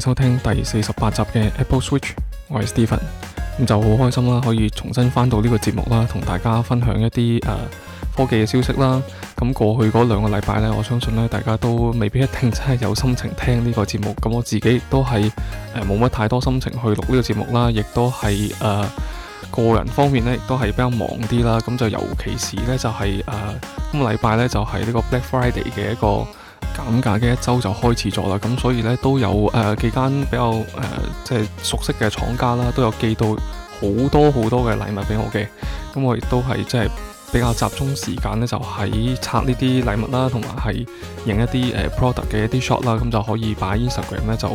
收聽第四十八集嘅 Apple Switch，我係 Stephen，咁就好開心啦，可以重新返到呢個節目啦，同大家分享一啲誒、呃、科技嘅消息啦。咁過去嗰兩個禮拜呢，我相信咧，大家都未必一定真係有心情聽呢個節目。咁我自己都係誒冇乜太多心情去錄呢個節目啦，亦都係誒、呃、個人方面呢，亦都係比較忙啲啦。咁就尤其是呢，就係、是、誒、呃、今個禮拜呢，就係、是、呢個 Black Friday 嘅一個。減價嘅一周就開始咗啦，咁所以呢，都有誒、呃、幾間比較誒即係熟悉嘅廠家啦，都有寄到好多好多嘅禮物畀我嘅，咁我亦都係即係。即係比較集中時間咧，就喺、是、拆呢啲禮物啦，同埋喺影一啲誒、呃、product 嘅一啲 shot 啦，咁、嗯、就可以擺 Instagram 咧就誒、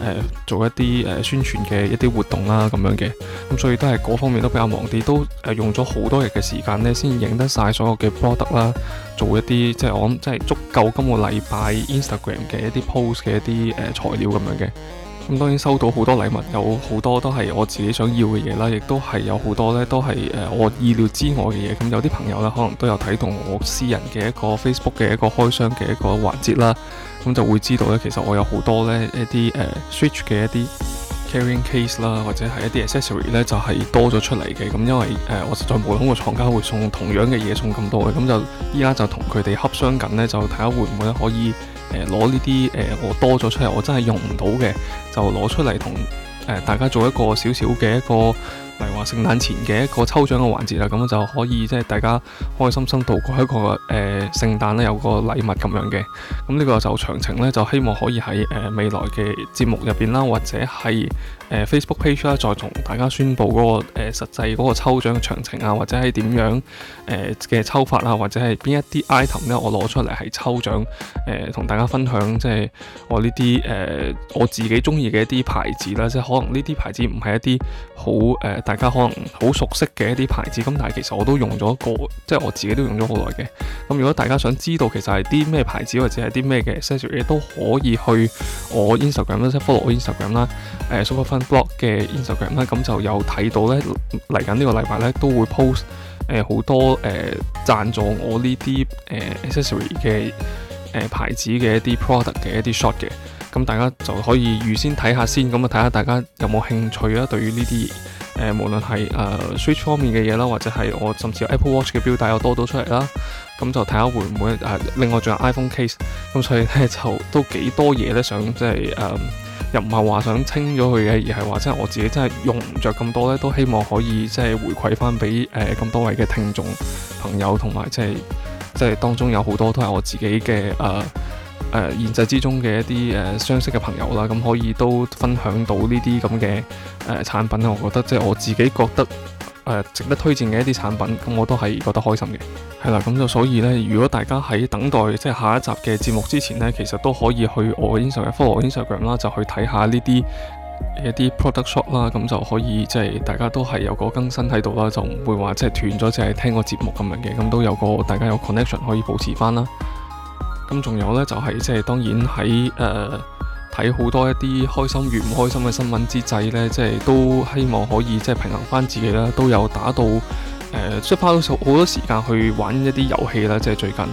呃、做一啲誒、呃、宣傳嘅一啲活動啦咁樣嘅。咁、嗯、所以都係嗰方面都比較忙啲，都誒、呃、用咗好多日嘅時間咧，先影得晒所有嘅 product 啦，做一啲即係我諗即係足夠今個禮拜 Instagram 嘅一啲 post 嘅一啲誒、呃、材料咁樣嘅。咁當然收到好多禮物，有好多都係我自己想要嘅嘢啦，亦都係有好多呢都係誒、呃、我意料之外嘅嘢。咁有啲朋友呢，可能都有睇到我私人嘅一個 Facebook 嘅一個開箱嘅一個環節啦。咁就會知道呢，其實我有好多呢一啲誒、呃、Switch 嘅一啲 Carrying Case 啦，或者係一啲 Accessory 呢，就係、是、多咗出嚟嘅。咁因為誒、呃、我實在冇諗過廠家會送同樣嘅嘢送咁多嘅，咁就依家就同佢哋洽商緊呢，就睇下會唔會可以。誒、攞呢啲誒，我多咗出嚟，我真係用唔到嘅，就攞出嚟同誒、呃、大家做一個小小嘅一個，例如話聖誕前嘅一個抽獎嘅環節啦，咁就可以即係大家開開心心度過一個誒、呃、聖誕咧，有個禮物咁樣嘅。咁呢個就詳情咧，就希望可以喺誒、呃、未來嘅節目入邊啦，或者係，誒 Facebook page 啦，再同大家宣布、嗰個誒、呃、實際嗰個抽獎嘅詳情啊，或者係點樣誒嘅、呃、抽法啊，或者係邊一啲 item 咧，我攞出嚟係抽獎誒同大家分享，即係我呢啲誒我自己中意嘅一啲牌子啦，即係可能呢啲牌子唔係一啲好誒大家可能好熟悉嘅一啲牌子，咁但係其實我都用咗個即係我自己都用咗好耐嘅。咁如果大家想知道其實係啲咩牌子或者係啲咩嘅 special 嘢，都可以去我 Instagram 即係 follow 我 Instagram 啦、呃，誒 Super Phen 嘅 Instagram 啦，咁就有睇到咧，嚟緊呢個禮拜咧都會 post 誒、呃、好多誒贊、呃、助我呢啲誒 accessory、呃、嘅誒、呃、牌子嘅一啲 product 嘅一啲 shot 嘅，咁大家就可以預先睇下先，咁啊睇下大家有冇興趣啦。對於呢啲誒，無論係誒 Switch 方面嘅嘢啦，或者係我甚至 Apple Watch 嘅表帶又多到出嚟啦，咁就睇下會唔會誒、呃、另外仲有 iPhone case，咁所以咧就都幾多嘢咧想即係誒。呃又唔係話想清咗佢嘅，而係話即係我自己真係用唔着咁多咧，都希望可以即係回饋翻俾誒咁多位嘅聽眾朋友，同埋即係即係當中有好多都係我自己嘅誒誒現實之中嘅一啲誒相識嘅朋友啦，咁可以都分享到呢啲咁嘅誒產品，我覺得即係我自己覺得。誒值得推薦嘅一啲產品，咁我都係覺得開心嘅，係啦，咁就所以呢，如果大家喺等待即係下一集嘅節目之前呢，其實都可以去我嘅 Instagram、follow 我 Instagram 啦，就去睇下呢啲一啲 product shot 啦，咁就可以即係大家都係有個更新喺度啦，就唔會話即係斷咗，只係聽個節目咁樣嘅，咁都有個大家有 connection 可以保持返啦。咁仲有呢，就係即係當然喺誒。呃睇好多一啲開心與唔開心嘅新聞之際呢，即係、就是、都希望可以即係、就是、平衡翻自己啦。都有打到誒，即係花咗好好多時間去玩一啲遊戲啦。即係最近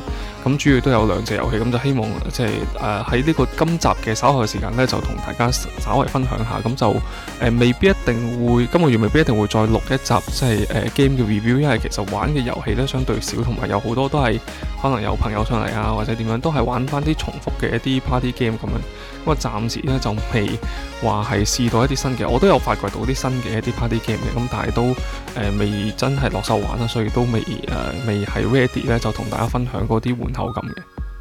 咁，主要都有兩隻遊戲咁，就希望即係誒喺呢個今集嘅稍後時間呢，就同大家稍為分享下。咁就誒、呃，未必一定會今個月未必一定會再錄一集，即係誒 game 嘅 review，因為其實玩嘅遊戲呢，相對少，同埋有好多都係可能有朋友上嚟啊，或者點樣都係玩翻啲重複嘅一啲 party game 咁樣。咁啊，暫時咧就未話係試到一啲新嘅，我都有發掘到啲新嘅一啲 party game 嘅，咁但係都誒、呃、未真係落手玩啦，所以都未誒、呃、未係 ready 咧，就同大家分享嗰啲玩後感嘅。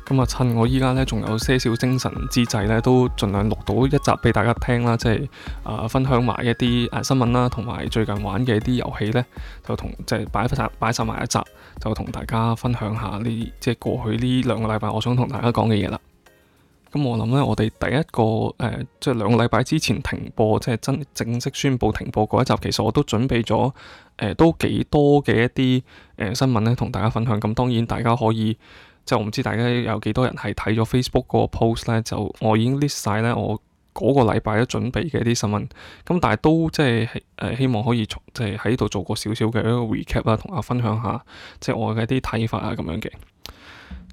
咁啊，趁我依家咧仲有些少精神之際咧，都盡量錄到一集俾大家聽啦，即係啊、呃、分享埋一啲啊新聞啦，同埋最近玩嘅一啲遊戲咧，就同即係擺晒擺曬埋一集，就同大家分享下呢即係過去呢兩個禮拜我想同大家講嘅嘢啦。咁我諗咧，我哋第一個誒，即、呃、係、就是、兩個禮拜之前停播，即係真正式宣布停播嗰一集，其實我都準備咗誒、呃，都幾多嘅一啲誒、呃、新聞咧，同大家分享。咁當然大家可以，即係我唔知大家有幾多人係睇咗 Facebook 嗰個 post 咧，就我已經 list 晒咧我嗰個禮拜都準備嘅一啲新聞。咁但係都即係誒、呃，希望可以即係喺度做過少少嘅一個 recap 啦，同大家分享下即係我嘅一啲睇法啊，咁樣嘅。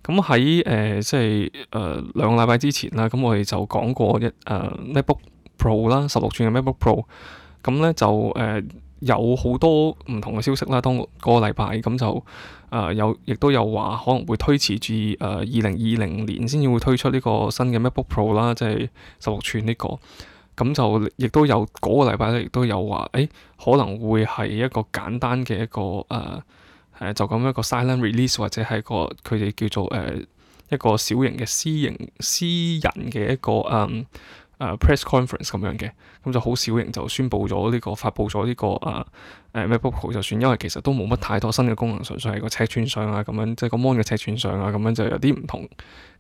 咁喺誒即係誒兩個禮拜之前啦，咁我哋就講過一誒、呃、MacBook Pro 啦，十六寸嘅 MacBook Pro。咁咧就誒、呃、有好多唔同嘅消息啦。當個禮拜咁就誒有，亦、呃、都有話可能會推遲住誒二零二零年先至會推出呢個新嘅 MacBook Pro 啦，即係十六寸呢、這個。咁就亦都有嗰、那個禮拜咧，亦都有話誒可能會係一個簡單嘅一個誒。呃誒、呃、就咁一個 silent release 或者係個佢哋叫做誒、呃、一個小型嘅私營私人嘅一個誒誒、嗯呃、press conference 咁樣嘅，咁就好小型就宣布咗呢個發佈咗呢、呢個誒誒、呃、MacBook Pro 就算，因為其實都冇乜太多新嘅功能，純粹係個尺寸上啊咁樣，即係個 mon 嘅尺寸上啊咁樣就有啲唔同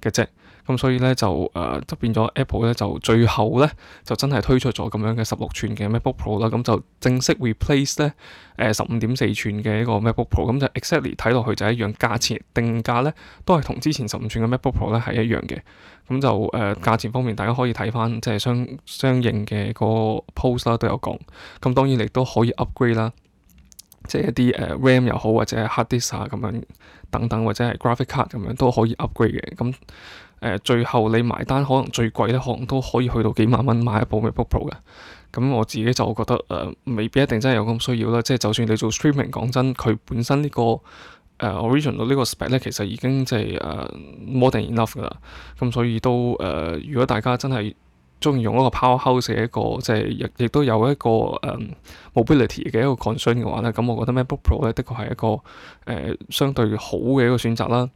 嘅啫。咁所以咧就誒、呃，就變咗 Apple 咧就最後咧就真係推出咗咁樣嘅十六寸嘅 MacBook Pro 啦，咁就正式 replace 咧誒十、呃、五點四寸嘅一個 MacBook Pro，咁就 exactly 睇落去就一樣，價錢定價咧都係同之前十五寸嘅 MacBook Pro 咧係一樣嘅。咁就誒、呃、價錢方面，大家可以睇翻即係相相應嘅個 post 啦，都有講。咁當然亦都可以 upgrade 啦，即係一啲誒 RAM 又好或者 hard disk 啊咁樣等等，或者係 graphic card 咁樣都可以 upgrade 嘅。咁誒最後你埋單可能最貴咧，可能都可以去到幾萬蚊買一部 MacBook Pro 嘅。咁我自己就覺得誒、呃，未必一定真係有咁需要啦。即係就算你做 streaming，講真，佢本身、這個呃、個呢個誒 original 呢個 spec 咧，其實已經即係誒 more than enough 噶啦。咁所以都誒、呃，如果大家真係中意用個一個 powerhouse 一個即係亦亦都有一個誒、呃、mobility 嘅一個 concern 嘅話咧，咁我覺得 MacBook Pro 咧，的確係一個誒、呃、相對好嘅一個選擇啦。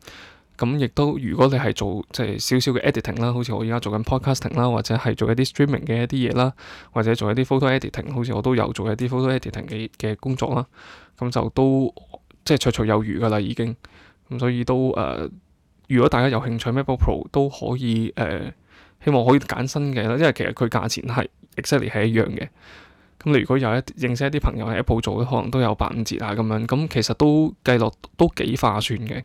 咁亦都，如果你係做即係少少嘅 editing 啦，好似我而家做緊 podcasting 啦，或者係做一啲 streaming 嘅一啲嘢啦，或者做一啲 photo editing，好似我都有做一啲 photo editing 嘅嘅工作啦，咁就都即係綽綽有餘㗎喇已經。咁所以都誒、呃，如果大家有興趣 MacBook Pro 都可以誒、呃，希望可以揀新嘅啦，因為其實佢價錢係 exactly 係一樣嘅。咁你如果有一認識一啲朋友係 Apple 做咧，可能都有八五折啊咁樣，咁其實都計落都幾划算嘅。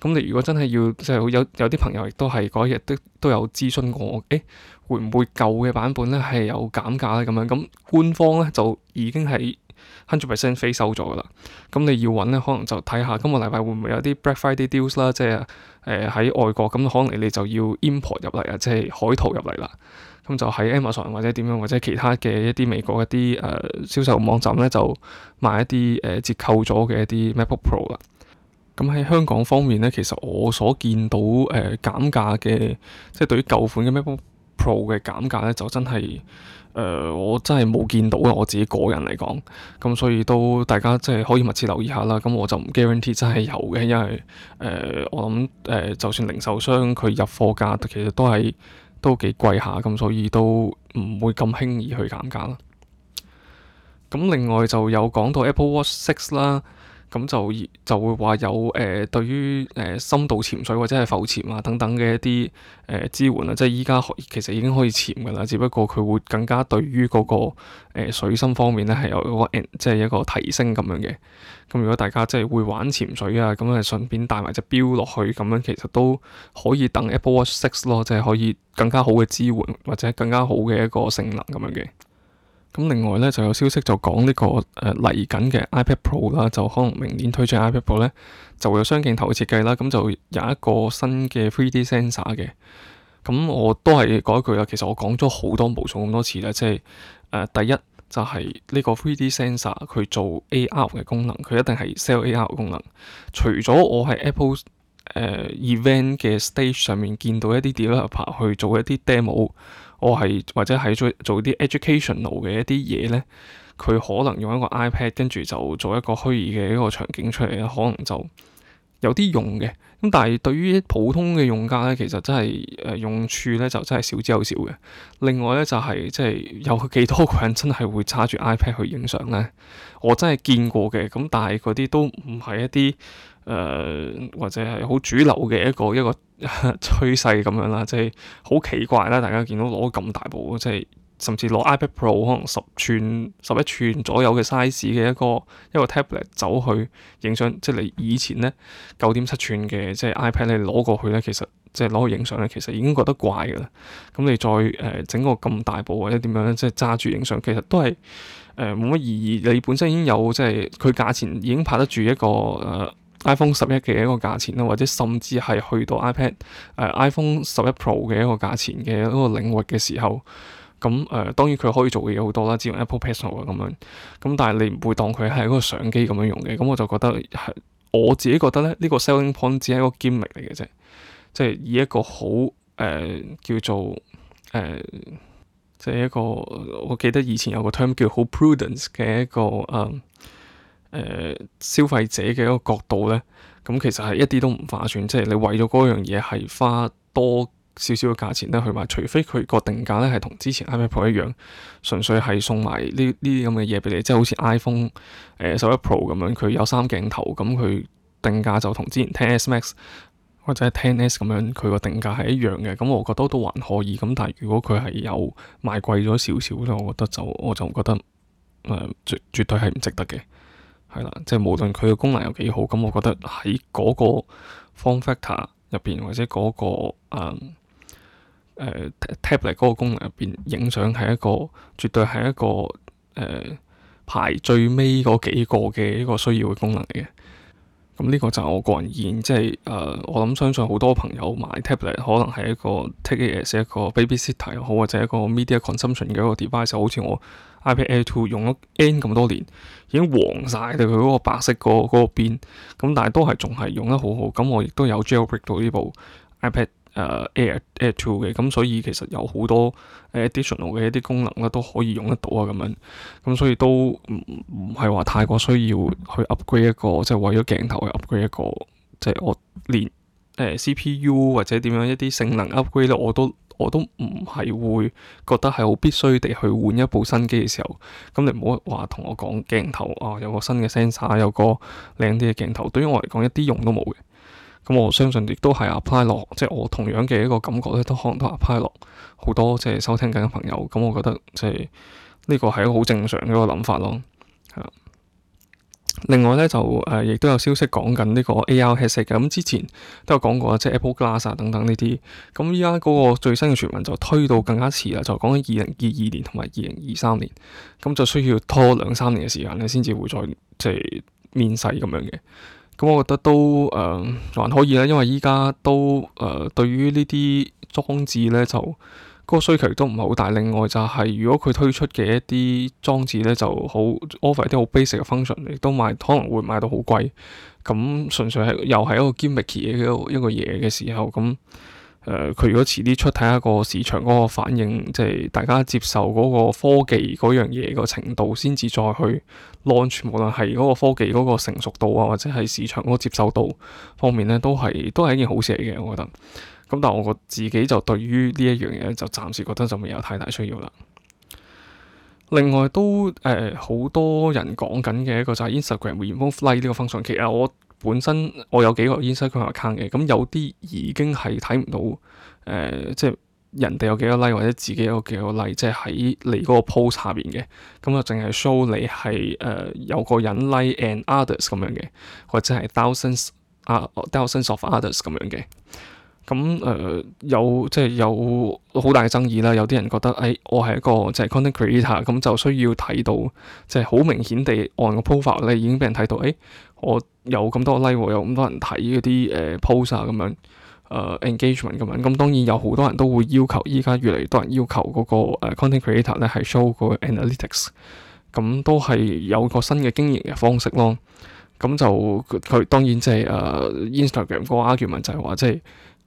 咁你如果真係要即係、就是、有有啲朋友亦都係嗰一日都都有諮詢過，誒、欸、會唔會舊嘅版本咧係有減價咧咁樣？咁官方咧就已經係 hundred percent 飛收咗噶啦。咁你要揾咧，可能就睇下今個禮拜會唔會有啲 Black Friday deals 啦，即係誒喺外國咁，可能你就要 import 入嚟啊，即係海淘入嚟啦。咁就喺 Amazon 或者點樣，或者其他嘅一啲美國一啲誒、呃、銷售網站咧，就買一啲誒、呃、折扣咗嘅一啲 MacBook Pro 啦。咁喺香港方面咧，其實我所見到誒減價嘅，即係對於舊款嘅 MacBook Pro 嘅減價咧，就真係誒、呃、我真係冇見到啊！我自己個人嚟講，咁所以都大家即係可以密切留意下啦。咁我就唔 guarantee 真係有嘅，因為誒、呃、我諗誒、呃、就算零售商佢入貨價其實都係。都幾貴下咁，所以都唔會咁輕易去減價啦。咁另外就有講到 Apple Watch 6啦。咁就就會話有誒、呃、對於誒、呃、深度潛水或者係浮潛啊等等嘅一啲誒、呃、支援啦、啊，即係依家其實已經可以潛㗎喇，只不過佢會更加對於嗰、那個、呃、水深方面咧係有嗰個、呃、即係一個提升咁樣嘅。咁如果大家即係會玩潛水啊，咁啊順便帶埋隻錶落去咁樣，其實都可以等 Apple Watch Six 咯，即係可以更加好嘅支援或者更加好嘅一個性能咁樣嘅。咁另外咧就有消息就講呢、呢個誒嚟、呃、緊嘅 iPad Pro 啦，就可能明年推出 iPad Pro 咧，就會有雙鏡頭設計啦，咁就有一個新嘅 3D sensor 嘅。咁我都係改一句啦，其實我講咗好多無數咁多次啦，即係誒、呃、第一就係、是、呢個 3D sensor 佢做 AR 嘅功能，佢一定係 sell AR 功能。除咗我係 Apple。誒、uh, event 嘅 stage 上面見到一啲 developer 去做一啲 demo，我係或者係做做啲 educational 嘅一啲嘢呢，佢可能用一個 iPad 跟住就做一個虛擬嘅一個場景出嚟，可能就有啲用嘅。咁但係對於普通嘅用家呢，其實真係誒、呃、用處呢就真係少之又少嘅。另外呢，就係即係有幾多個人真係會揸住 iPad 去影相呢？我真係見過嘅。咁但係嗰啲都唔係一啲。誒、呃、或者係好主流嘅一個一個趨勢咁樣啦，即係好奇怪啦！大家見到攞咁大部，即係甚至攞 iPad Pro 可能十寸、十一寸左右嘅 size 嘅一個一個 tablet 走去影相，即係你以前咧九點七寸嘅即係 iPad 你攞過去咧，其實即係攞去影相咧，其實已經覺得怪㗎啦。咁你再誒、呃、整個咁大部或者點樣咧，即係揸住影相，其實都係誒冇乜意義。你本身已經有即係佢價錢已經拍得住一個誒。呃 iPhone 十一嘅一個價錢啦，或者甚至係去到 iPad 誒、uh, iPhone 十一 Pro 嘅一個價錢嘅一個領域嘅時候，咁誒、uh, 當然佢可以做嘅嘢好多啦，只用 Apple Pencil 咁樣，咁但係你唔會當佢係一個相機咁樣用嘅，咁我就覺得係我自己覺得咧，呢、呢個 selling point 只係一個 gimmick 嚟嘅啫，即係以一個好誒、uh, 叫做誒，uh, 即係一個我記得以前有個 term 叫好 prudence 嘅一個誒。Uh, 誒、呃、消費者嘅一個角度咧，咁、嗯、其實係一啲都唔划算。即係你為咗嗰樣嘢係花多少少嘅價錢咧去買，除非佢個定價咧係同之前 iPad Pro 一樣，純粹係送埋呢呢啲咁嘅嘢俾你，即係好似 iPhone 誒、呃、十一 Pro 咁樣，佢有三鏡頭，咁、嗯、佢定價就同之前 Ten S Max 或者 Ten S 咁樣佢個定價係一樣嘅。咁、嗯、我覺得都還可以咁，但係如果佢係有賣貴咗少少咧，我覺得就我就覺得誒、呃，絕絕對係唔值得嘅。係啦，即係無論佢嘅功能有幾好，咁我覺得喺嗰個 form factor 入邊，或者嗰、嗰個誒、uh, uh, tablet 嗰個功能入邊影相係一個絕對係一個誒、uh, 排最尾嗰幾個嘅一個需要嘅功能嚟嘅。咁呢個就係我個人意見，即係誒我諗相信好多朋友買 tablet 可能係一個 take it as 一個 baby sitter 又好，或者一個 media consumption 嘅一個 device，好似我。iPad Air 2用咗 N 咁多年，已經黃晒嘅佢嗰個白色嗰嗰個邊，咁但係都係仲係用得好好。咁我亦都有 Jailbreak 到呢部 iPad、uh, Air Air 2嘅，咁所以其實有好多 additional 嘅一啲功能咧都可以用得到啊咁樣。咁所以都唔唔係話太過需要去 upgrade 一個，即係為咗鏡頭去 upgrade 一個，即係我連誒、uh, CPU 或者點樣一啲性能 upgrade 咧我都。我都唔係會覺得係好必須地去換一部新機嘅時候，咁你唔好話同我講鏡頭啊，有個新嘅 sensor，有個靚啲嘅鏡頭，對於我嚟講一啲用都冇嘅。咁我相信亦都係阿派樂，即係我同樣嘅一個感覺咧，都可能都係阿派樂好多即係收聽緊嘅朋友。咁我覺得即係呢個係一個好正常嘅一個諗法咯，係啊。另外咧就誒，亦、呃、都有消息講緊呢個 A.R. headset 嘅咁，之前都有講過啦，即係 Apple Glass 啊等等呢啲。咁依家嗰個最新嘅傳聞就推到更加遲啦，就講緊二零二二年同埋二零二三年，咁、嗯、就需要拖兩三年嘅時間咧，先至會再即係面世咁樣嘅。咁、嗯、我覺得都誒、呃、還可以啦，因為依家都誒、呃、對於呢啲裝置咧就。個需求都唔係好大，另外就係如果佢推出嘅一啲裝置呢，就好 offer 一啲好 basic 嘅 function，亦都賣可能會賣到好貴，咁純粹係又係一個 gimmicky 嘅一個嘢嘅時候，咁佢、呃、如果遲啲出，睇下個市場嗰個反應，即係大家接受嗰個科技嗰樣嘢個程度，先至再去 launch，無論係嗰個科技嗰個成熟度啊，或者係市場嗰個接受度方面呢，都係都係一件好事嚟嘅，我覺得。咁但係我自己就對於呢一樣嘢就暫時覺得就未有太大需要啦。另外都誒好、呃、多人講緊嘅一個就係 Instagram 會 remove like 呢個 function。其實我本身我有幾個 Instagram account 嘅，咁有啲已經係睇唔到誒、呃，即係人哋有幾多 like 或者自己有幾多 like，即係喺你嗰個 post 下邊嘅，咁就淨係 show 你係誒、呃、有個人 like and others 咁樣嘅，或者係 thousands 啊、uh, thousands of others 咁樣嘅。咁誒、呃、有即係有好大嘅爭議啦，有啲人覺得誒、哎、我係一個即係 content creator，咁就需要睇到即係好明顯地，按個 profile 咧已經被人睇到，誒、哎、我有咁多 like，有咁多人睇嗰啲誒 poster 咁樣誒 engagement 咁樣，咁、呃、當然有好多人都會要求，依家越嚟越多人要求嗰、那個、呃、content creator 咧係 show 個 analytics，咁都係有個新嘅經營嘅方式咯。咁就佢當然即係誒 Instagram 個 argument 就係、是、話、就是、即係。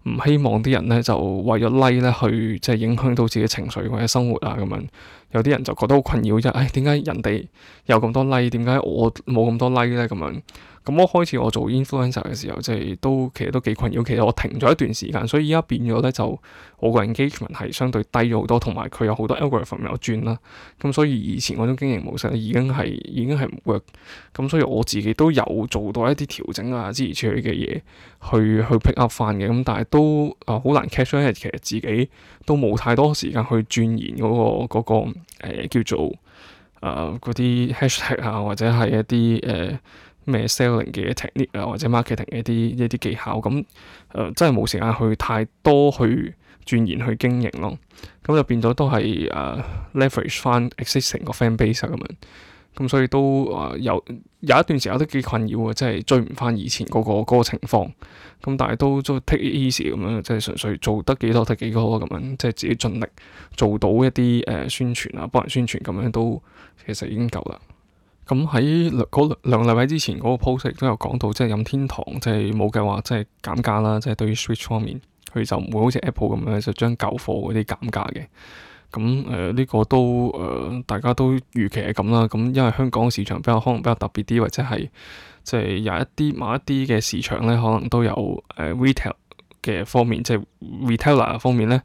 唔希望啲人咧就為咗 like 咧去即係影響到自己情緒或者生活啊咁樣，有啲人就覺得好困擾，即、哎、係，誒點解人哋有咁多 like，點解我冇咁多 like 咧咁樣？咁我開始我做 influencer 嘅時候，即係都其實都幾困擾。其實我停咗一段時間，所以依家變咗咧，就我個 engagement 係相對低咗好多，同埋佢有好多 algorithm 有轉啦。咁所以以前嗰種經營模式已經係已經係唔 work。咁所以我自己都有做到一啲調整啊，之，之類嘅嘢去去 pick up 翻嘅。咁但係都啊好、呃、難 catch 因為其實自己都冇太多時間去鑽研嗰、那個嗰、那個呃、叫做啊嗰、呃、啲 hashtag 啊，或者係一啲誒。呃咩 selling 嘅 technique 啊，或者 marketing 嘅一啲一啲技巧，咁誒、呃、真係冇時間去太多去鑽研去經營咯。咁就變咗都係誒、呃、leverage 翻 existing 個 fan base 咁樣。咁所以都誒、呃、有有一段時間都幾困擾嘅，即係追唔翻以前嗰個個情況。咁但係都都 take it easy 咁樣，即係純粹做得幾多得幾多咯咁樣，即係自己盡力做到一啲誒、呃、宣傳啊，幫人宣傳咁樣都其實已經夠啦。咁喺兩嗰兩個禮拜之前嗰個 post 亦都有講到，即係任天堂，即係冇計劃，即係減價啦。即係對於 Switch 方面，佢就唔會好似 Apple 咁樣，就將舊貨嗰啲減價嘅。咁誒呢個都誒，大家都預期係咁啦。咁因為香港市場比較可能比較特別啲，或者係即係有一啲某一啲嘅市場咧，可能都有誒 retail 嘅方面，即係 retailer 方面咧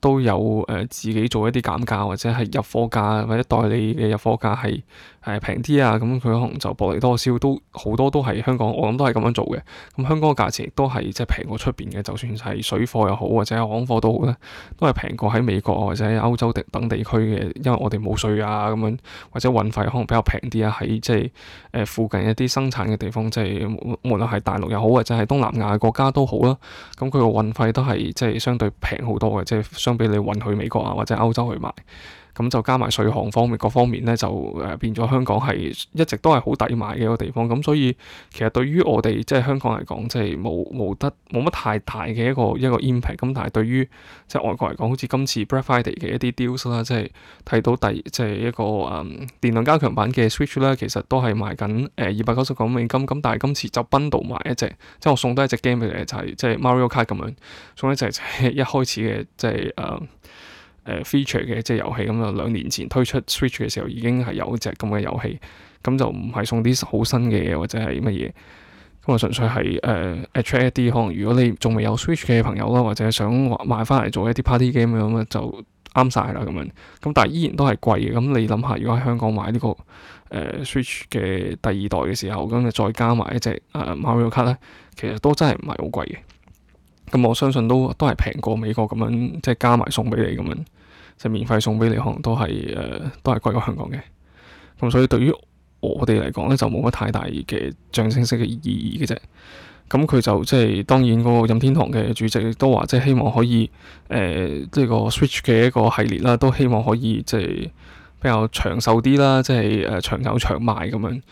都有誒自己做一啲減價，或者係入貨價或者代理嘅入貨價係，係平啲啊，咁佢可能就薄利多銷，都好多都係香港，我諗都係咁樣做嘅。咁香港嘅價錢都係即係平過出邊嘅，就算係水貨又好或者港貨都好啦，都係平過喺美國或者喺歐洲地等地區嘅，因為我哋冇稅啊咁樣，或者運費可能比較平啲啊，喺即係誒附近一啲生產嘅地方，即係無，無，無，無，無論係大陸又好或者係東南亞國家都好啦。咁佢個運費都係即係相對平好多嘅，即係相比你運去美國啊或者歐洲去買。咁就加埋稅項方面、各方面咧，就誒、呃、變咗香港係一直都係好抵買嘅一個地方。咁所以其實對於我哋即係香港嚟講，即係冇冇得冇乜太大嘅一個一個 impact。咁但係對於即係外國嚟講，好似今次 Black Friday 嘅一啲 deal 啦，即係睇到第即係一個誒、嗯、電量加強版嘅 Switch 啦，其實都係賣緊誒二百九十九美金。咁但係今次就奔到買一隻，即係我送多一隻 game 俾你，就係、是、即係 Mario Kart 咁樣送一隻即係、就是、一開始嘅即係誒。就是嗯誒、uh, feature 嘅即係遊戲咁啊，就兩年前推出 Switch 嘅時候已經係有一隻咁嘅遊戲，咁就唔係送啲好新嘅嘢或者係乜嘢，咁啊純粹係誒 attract 一啲可能如果你仲未有 Switch 嘅朋友啦，或者想買翻嚟做一啲 party game 咁啊就啱晒啦咁樣，咁但係依然都係貴嘅，咁你諗下如果喺香港買呢、這個誒、uh, Switch 嘅第二代嘅時候，咁你再加埋一隻誒、uh, Mario Kart 咧，其實都真係唔係好貴嘅。咁我相信都都係平過美國咁樣，即係加埋送俾你咁樣，即係免費送俾你，可能都係誒都係貴過香港嘅。咁所以對於我哋嚟講咧，就冇乜太大嘅象徵式嘅意義嘅啫。咁佢就即係當然嗰個任天堂嘅主席都話，即係希望可以誒即係個 Switch 嘅一個系列啦，都希望可以即係比較長壽啲啦，即係誒長久長賣咁樣，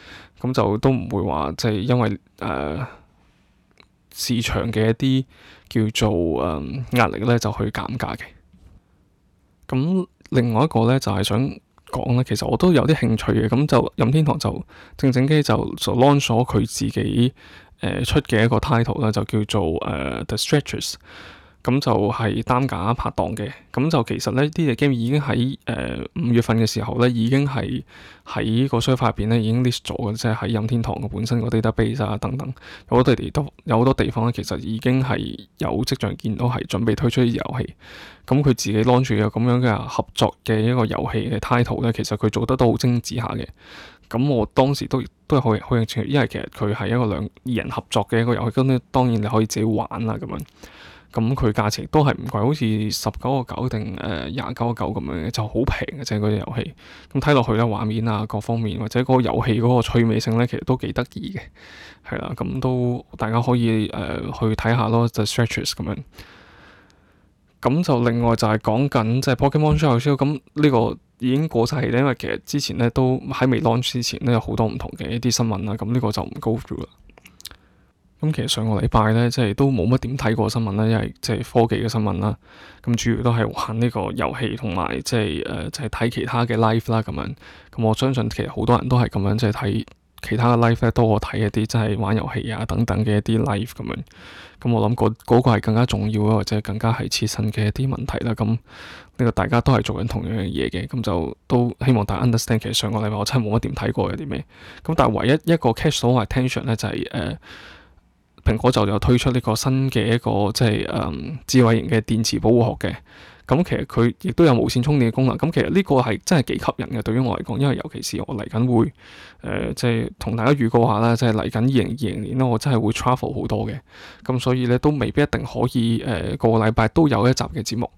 咁就都唔會話即係因為誒。呃市場嘅一啲叫做誒、呃、壓力咧，就去減價嘅。咁另外一個咧，就係、是、想講咧，其實我都有啲興趣嘅。咁就任天堂就正正機就就 launch 佢自己誒、呃、出嘅一個 title 咧，就叫做誒、呃、The Stretchers 咁就係擔架拍檔嘅，咁就其實呢啲遊戲已經喺誒五月份嘅時候呢已經係喺個衰發入邊呢已經 list 咗嘅，即係喺任天堂嘅本身嗰 database 啊等等，有好多地都有好多地方呢，其實已經係有跡象見到係準備推出遊戲。咁佢自己 launch 嘅咁樣嘅合作嘅一個遊戲嘅 title，呢，其實佢做得都好精緻下嘅。咁我當時都都係好好認真，因為其實佢係一個兩二人合作嘅一個遊戲，咁咧當然你可以自己玩啦、啊、咁樣。咁佢價錢都係唔貴，好似十九個九定誒廿九個九咁樣嘅，就好平嘅啫。嗰啲遊戲咁睇落去咧，畫面啊各方面，或者嗰個遊戲嗰個趣味性咧，其實都幾得意嘅。係啦，咁都大家可以誒、呃、去睇下咯，就 Searches 咁樣。咁就另外就係講緊即係 Pokemon Sword Shield 咁呢個已經過晒氣啦，因為其實之前咧都喺未 launch 之前咧有好多唔同嘅一啲新聞啦，咁呢個就唔 go through 啦。咁其實上個禮拜咧，即係都冇乜點睇過新聞啦，因為即係科技嘅新聞啦。咁主要都係玩呢個遊戲同埋，即係誒，即係睇其他嘅 life 啦。咁樣咁我相信其實好多人都係咁樣，即係睇其他嘅 life 咧多過睇一啲即係玩遊戲啊等等嘅一啲 life 咁樣。咁我諗嗰嗰個係、那個、更加重要啊，或者更加係切身嘅一啲問題啦。咁呢個大家都係做緊同樣嘅嘢嘅，咁就都希望大家 understand。其實上個禮拜我真係冇乜點睇過一啲咩。咁但係唯一一個 catch 到我 attention 咧就係、是、誒。呃蘋果就有推出呢個新嘅一個即係誒智慧型嘅電池保護殼嘅，咁其實佢亦都有無線充電嘅功能，咁其實呢個係真係幾吸引嘅。對於我嚟講，因為尤其是我嚟緊會誒即係同大家預告下啦，即係嚟緊二零二零年咧，我真係會 travel 好多嘅，咁所以咧都未必一定可以誒個、呃、個禮拜都有一集嘅節目，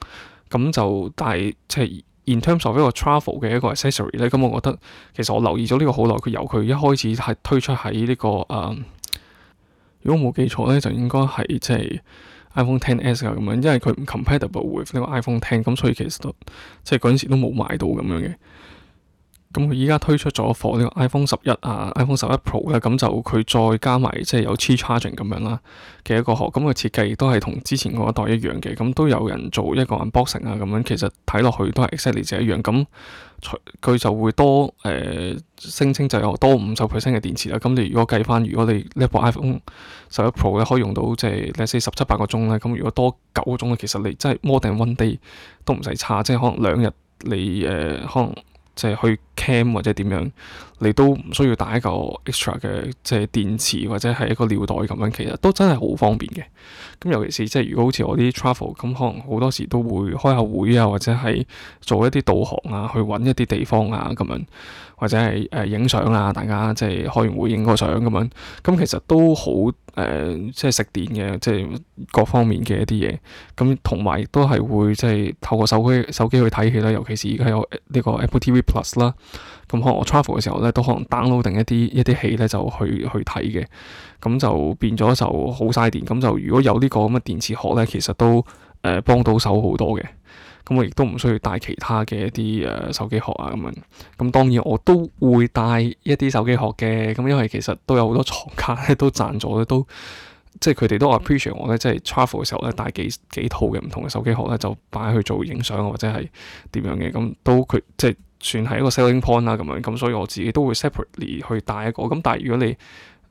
咁就但係即係 in terms of 呢個 travel 嘅一個 accessory 咧，咁、嗯、我覺得其實我留意咗呢個好耐，佢由佢一開始係推出喺呢、這個誒。嗯如果冇記錯咧，就應該係即係 iPhone 10S 㗎咁樣，因為佢唔 compatible with 呢個 iPhone 10，咁所以其實都即係嗰陣時都冇買到咁樣嘅。咁佢依家推出咗貨呢個11、啊、iPhone 十一啊，iPhone 十一 Pro 咧，咁就佢再加埋即係有、Qi、charging 咁樣啦嘅一個殼。咁佢設計都係同之前嗰一代一樣嘅，咁都有人做一個 unboxing 啊，咁樣其實睇落去都係 exactly 一樣。咁佢就會多誒聲稱就有多五十 percent 嘅電池啦。咁你如果計翻，如果你呢部 iPhone 十一 Pro 咧、啊、可以用到即係你 last 十七八個鐘咧，咁如果多九個鐘其實你真係 more than one day 都唔使差，即係可能兩日你誒、呃、可能。即係去 cam 或者點樣，你都唔需要帶一個 extra 嘅即係電池或者係一個尿袋咁樣，其實都真係好方便嘅。咁尤其是即係如果好似我啲 travel，咁可能好多時都會開下會啊，或者係做一啲導航啊，去揾一啲地方啊咁樣。.或者係誒影相啊，大家即係開完會影個相咁樣，咁其實都好誒，即係食電嘅，即係各方面嘅一啲嘢。咁同埋都係會即係透過手機手機去睇戲啦，尤其是而家有呢個 Apple TV Plus 啦。咁可能我 travel 嘅時候咧，都可能 download 定一啲一啲戲咧就去去睇嘅。咁就變咗就好嘥電。咁就如果有個呢個咁嘅電池殼咧，其實都誒、呃、幫到手好多嘅。咁、嗯、我亦都唔需要帶其他嘅一啲誒、啊、手機殼啊咁樣。咁當然我都會帶一啲手機殼嘅。咁因為其實都有好多廠家咧都贊咗都，即係佢哋都 appreciate 我咧，即係 travel 嘅時候咧帶幾幾套嘅唔同嘅手機殼咧就擺去做影相或者係點樣嘅。咁、嗯、都佢即係算係一個 selling point 啦咁樣。咁所以我自己都會 separately 去帶一個。咁但係如果你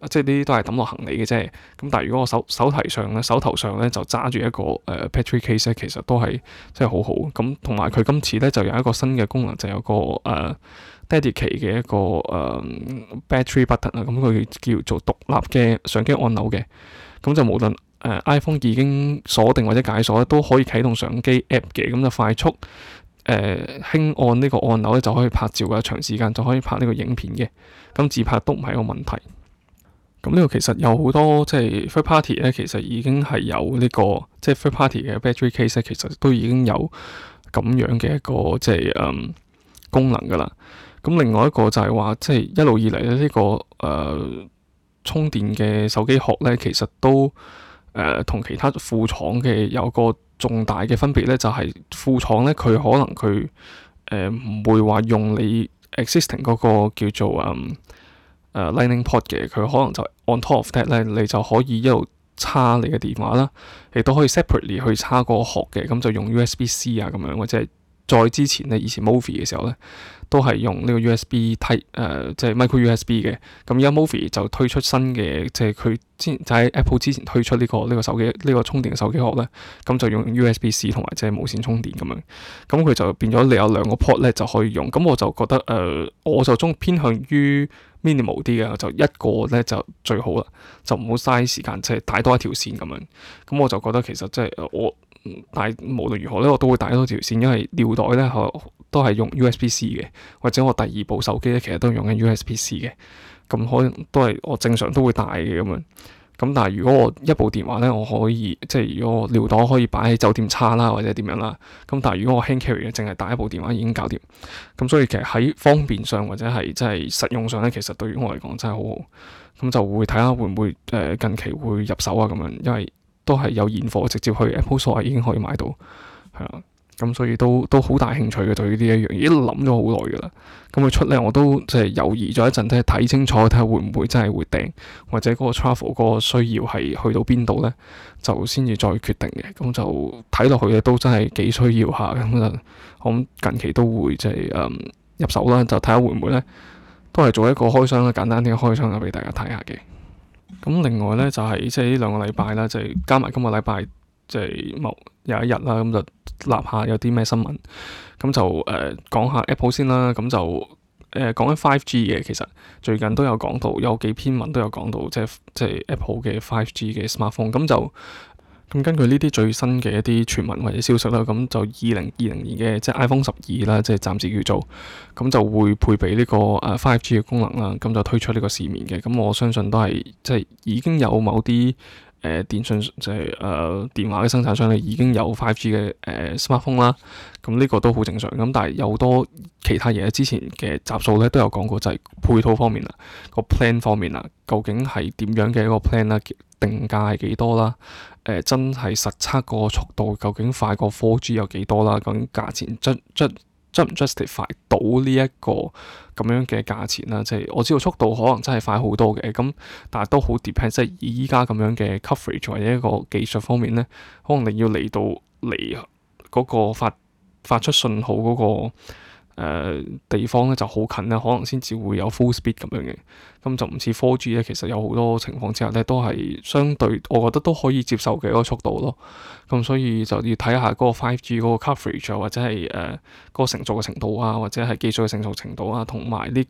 即係呢啲都係抌落行李嘅啫。咁但係如果我手手提上咧，手頭上咧就揸住一個誒、呃、battery case 咧，其實都係真係好好咁。同埋佢今次咧就有一個新嘅功能，就有個誒 dedicated 嘅一個誒、呃呃、battery button 啦。咁佢叫做獨立嘅相機按鈕嘅。咁就無論誒、呃、iPhone 已經鎖定或者解鎖咧，都可以啟動相機 app 嘅。咁就快速誒輕按呢個按鈕咧，就可以拍照嘅，長時間就可以拍呢個影片嘅。咁自拍都唔係一個問題。咁呢度其實有好多即係 First Party 咧，其實已經係有呢、這個即係 First Party 嘅 Battery Case 咧，其實都已經有咁樣嘅一個即係、嗯、功能噶啦。咁另外一個就係話即係一路以嚟咧呢個誒、呃、充電嘅手機殼咧，其實都誒同、呃、其他副廠嘅有個重大嘅分別咧，就係、是、副廠咧佢可能佢誒唔會話用你 existing 嗰、那個叫做嗯。誒 Lightning port 嘅，佢、uh, 可能就 on top of that 咧，你就可以一路叉你嘅電話啦，亦都可以 separately 去叉個殼嘅，咁就用 USB C 啊咁樣或者。再之前咧，以前 Mophie 嘅時候咧，都係用呢個 US B，呃就是、USB type 誒，即係 micro USB 嘅。咁而家 Mophie 就推出新嘅，即係佢之前就喺、是、Apple 之前推出呢、這個呢、這個手機呢、這個充電手機殼咧，咁就用 USB C 同埋即係無線充電咁樣。咁佢就變咗你有兩個 port 咧就可以用。咁我就覺得誒、呃，我就中偏向於 minimal 啲嘅，就一個咧就最好啦，就唔好嘥時間即係、就是、帶多一條線咁樣。咁我就覺得其實即、就、係、是、我。但係無論如何咧，我都會帶多條線，因為尿袋咧，都係用 USB C 嘅，或者我第二部手機咧，其實都用緊 USB C 嘅，咁可能都係我正常都會帶嘅咁樣。咁但係如果我一部電話咧，我可以即係如果我尿袋可以擺喺酒店叉啦，或者點樣啦，咁但係如果我輕 carry 淨係帶一部電話已經搞掂。咁所以其實喺方便上或者係即係實用上咧，其實對於我嚟講真係好好。咁就會睇下會唔會誒近期會入手啊咁樣，因為。都係有現貨，直接去 Apple Store 已經可以買到，係啦。咁所以都都好大興趣嘅，對於呢一樣，已經諗咗好耐噶啦。咁佢出咧，我都即係猶豫咗一陣，即係睇清楚，睇下會唔會真係會訂，或者嗰個 travel 嗰個需要係去到邊度咧，就先至再決定嘅。咁就睇落去嘅都真係幾需要下。咁我近期都會即係嗯入手啦，就睇下會唔會咧，都係做一個開箱嘅簡單啲開箱啊，俾大家睇下嘅。咁另外咧，就係即係呢兩個禮拜啦，就係、是就是、加埋今個禮拜即係某有一日啦，咁就立下有啲咩新聞，咁就誒講、呃、下 Apple 先啦，咁就誒講緊 5G 嘅，其實最近都有講到，有幾篇文都有講到，即、就、係、是、即係、就是、Apple 嘅 5G 嘅 smartphone，咁就。咁根據呢啲最新嘅一啲傳聞或者消息啦，咁就二零二零年嘅即係 iPhone 十二啦，即、就、係、是、暫時叫做咁就會配備呢個誒 Five G 嘅功能啦。咁就推出呢個市面嘅。咁我相信都係即係已經有某啲誒、呃、電信即係誒電話嘅生產商咧，已經有 Five G 嘅誒 smartphone 啦。咁、呃、呢個都好正常。咁但係有好多其他嘢之前嘅集數咧都有講過，就係、是、配套方面啦，個 plan 方面啦，究竟係點樣嘅一個 plan 啦，定價係幾多啦？誒、呃、真係實測嗰個速度究竟快過 4G 有幾多啦？咁價錢 just just 唔 justify 到呢一個咁樣嘅價錢啦，即、就、係、是、我知道速度可能真係快好多嘅，咁但係都好 depend，ent, 即係以依家咁樣嘅 coverage 或者一個技術方面咧，可能你要嚟到嚟嗰個發,發出信號嗰、那個、呃、地方咧就好近咧，可能先至會有 full speed 咁樣嘅。咁就唔似 four G 咧，其實有好多情況之下咧，都係相對我覺得都可以接受嘅一個速度咯。咁所以就要睇下個 five G 嗰個 coverage 啊，或者係誒 uh，個成熟嘅程度啊，或者係技術嘅成熟程度啊，同埋、這個、呢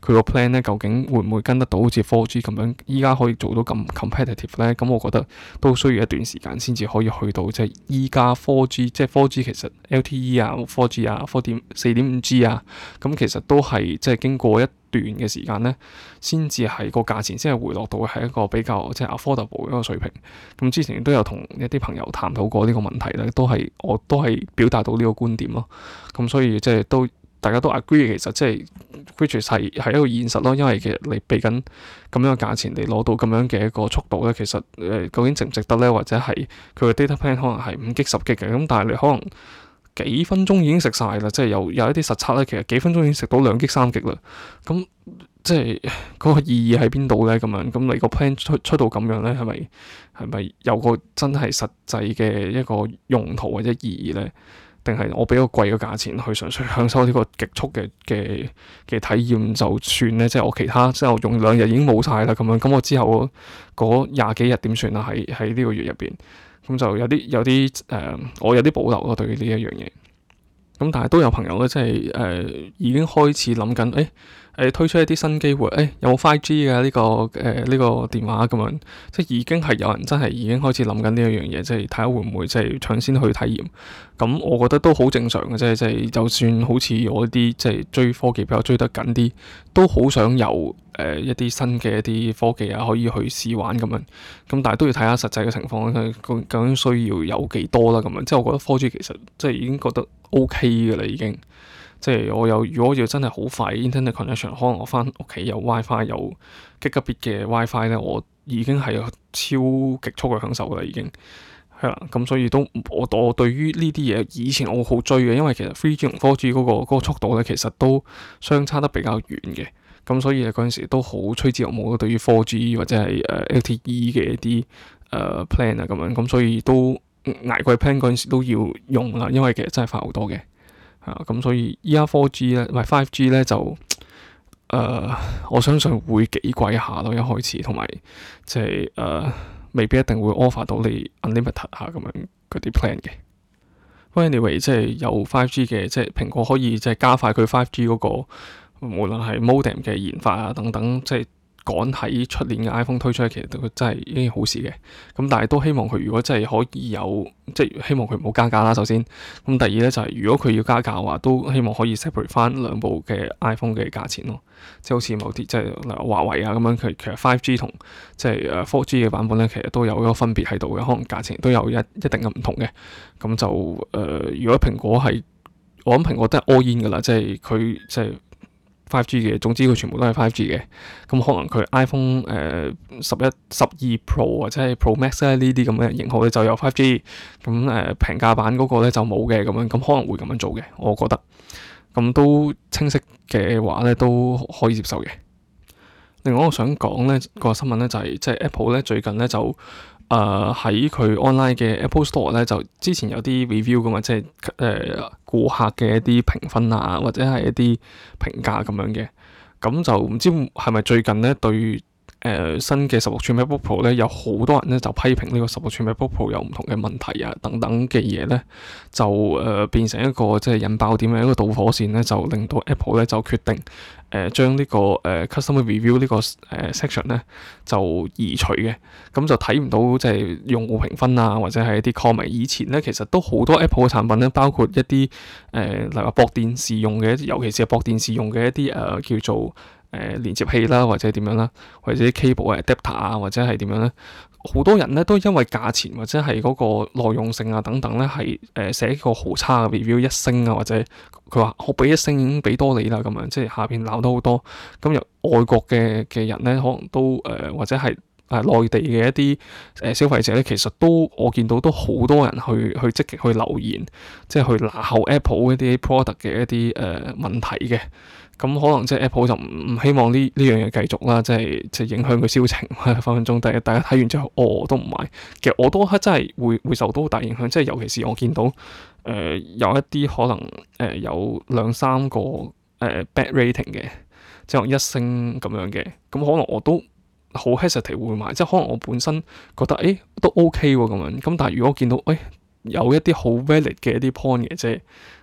個佢個 plan 咧，究竟會唔會跟得到好似 four G 咁樣依家可以做到咁 competitive 咧？咁我覺得都需要一段時間先至可以去到即係依家 four G 即係 four G 其實 LTE 啊、four G 啊、four 點四點五 G 啊，咁其實都係即係經過一段嘅時間咧，先至係個價錢先係回落到係一個比較即係、就是、affordable 一個水平。咁之前都有同一啲朋友談到過呢個問題咧，都係我都係表達到呢個觀點咯。咁所以即係都大家都 agree，其實即、就、係、是、which 係係一個現實咯。因為其實你俾緊咁樣嘅價錢，你攞到咁樣嘅一個速度咧，其實誒、呃、究竟值唔值得咧，或者係佢嘅 data plan 可能係五 gig 十 gig 嘅，咁但係你可能幾分鐘已經食晒啦，即係又有，有一啲實測咧。其實幾分鐘已經食到兩 G 三 G 啦。咁即係嗰、嗰個意義喺邊度咧？咁樣咁你個 plan 出出到咁樣咧，係咪係咪有個真係實際嘅一個用途或者意義咧？定係我俾個貴嘅價錢去純粹享受呢個極速嘅嘅嘅體驗就算咧？即係我其他即係我用兩日已經冇晒啦咁樣。咁我之後嗰廿幾日點算啊？喺喺呢個月入邊？咁就有啲有啲誒、呃，我有啲保留咯對呢一樣嘢。咁但係都有朋友咧，即係誒、呃、已經開始諗緊誒。誒推出一啲新機會，誒、哎、有冇 5G 嘅呢個誒呢、呃這個電話咁樣，即係已經係有人真係已經開始諗緊呢一樣嘢，即係睇下會唔會即係搶先去體驗。咁我覺得都好正常嘅，即係即係就算好似我啲即係追科技比較追得緊啲，都好想有誒、呃、一啲新嘅一啲科技啊，可以去試玩咁樣。咁但係都要睇下實際嘅情況，究竟需要有幾多啦咁樣。即係我覺得科技其實即係已經覺得 OK 嘅啦，已經。.即係我有，如果要真係好快 internet connection，可能我翻屋企有 WiFi 有極級別嘅 WiFi 咧，我已經係有超極速嘅享受啦，已經係啦。咁所以都我我，我對於呢啲嘢以前我好追嘅，因為其實 three G 同 four G 嗰、個嗰個速度咧，其實都相差得比較遠嘅。咁所以咧嗰時都好趨之若鶩對於 four G 或者係誒 LTE 嘅一啲誒、呃、plan 啊咁樣，咁所以都、嗯、捱貴 plan 嗰陣時都要用啦，因為其實真係快好多嘅。咁、啊、所以而家 4G 咧，唔係 5G 咧就，誒，我相信會幾貴下咯，一開始，同埋即係誒，未必一定會 offer 到你 unlimited 下咁樣嗰啲 plan 嘅。反正 anyway，即係有 5G 嘅，即係蘋果可以即係加快佢 5G 嗰個，無論係 modem 嘅研發啊等等，即係。趕喺出年嘅 iPhone 推出，其實都真係一件好事嘅。咁但係都希望佢如果真係可以有，即係希望佢唔好加價啦。首先，咁第二咧就係如果佢要加價嘅話，都希望可以 separate 翻兩部嘅 iPhone 嘅價錢咯。即係好似某啲即係華為啊咁樣，佢其實 5G 同即係 4G 嘅版本咧，其實都有一個分別喺度嘅，可能價錢都有一一定嘅唔同嘅。咁就誒、呃，如果蘋果係我諗蘋果都係 all in 噶啦，即係佢即係。五 G 嘅，總之佢全部都係五 G 嘅，咁可能佢 iPhone 誒、呃、十一、十二 Pro 或者係 Pro Max 呢啲咁嘅型號咧，就有五 G，咁誒、呃、平價版嗰個咧就冇嘅，咁樣咁可能會咁樣做嘅，我覺得咁都清晰嘅話咧都可以接受嘅。另外我想講咧、那個新聞咧就係、是、即係 Apple 咧最近咧就。誒喺佢、uh, online 嘅 Apple Store 咧，就之前有啲 review 咁嘛，即係誒顧客嘅一啲評分啊，或者係一啲評價咁樣嘅，咁就唔知係咪最近咧對。誒、呃、新嘅十六寸 MacBook Pro 咧，有好多人咧就批評呢個十六寸 MacBook Pro 有唔同嘅問題啊，等等嘅嘢咧，就誒、呃、變成一個即係、就是、引爆點嘅一個導火線咧，就令到 Apple 咧就決定誒、呃、將、這個呃這個呃 section、呢個誒 customer review 呢個誒 section 咧就移除嘅，咁就睇唔到即係用戶評分啊，或者係一啲 comment。以前咧其實都好多 Apple 嘅產品咧，包括一啲誒、呃、例如駁電視用嘅，尤其是係駁電視用嘅一啲誒、呃、叫做。誒、呃、連接器啦，或者點樣啦，或者啲 cable 啊、adapter 啊，或者係點樣咧？好多人咧都因為價錢或者係嗰個耐用性啊等等咧，係誒寫個好差嘅 review 一星啊，或者佢話我俾一星已經俾多你啦咁樣，即係下邊鬧得好多。今、嗯、日外國嘅嘅人咧，可能都誒、呃、或者係。誒內地嘅一啲誒消費者咧，其實都我見到都好多人去去積極去留言，即係去拿鬧 Apple 一啲 product 嘅一啲誒、呃、問題嘅。咁、嗯、可能即係 Apple 就唔唔希望呢呢樣嘢繼續啦，即係即係影響佢銷情。分、啊、分鐘，第日大家睇完之後，哦，我都唔買。其實我都係真係會會受到好大影響。即係尤其是我見到誒、呃、有一啲可能誒、呃、有兩三個誒、呃、bad rating 嘅，即係一星咁樣嘅，咁、嗯、可能我都，好 hesitate 會買，即係可能我本身覺得誒都 OK 咁樣，咁但係如果我見到誒有一啲好 valid 嘅一啲 point 嘅，即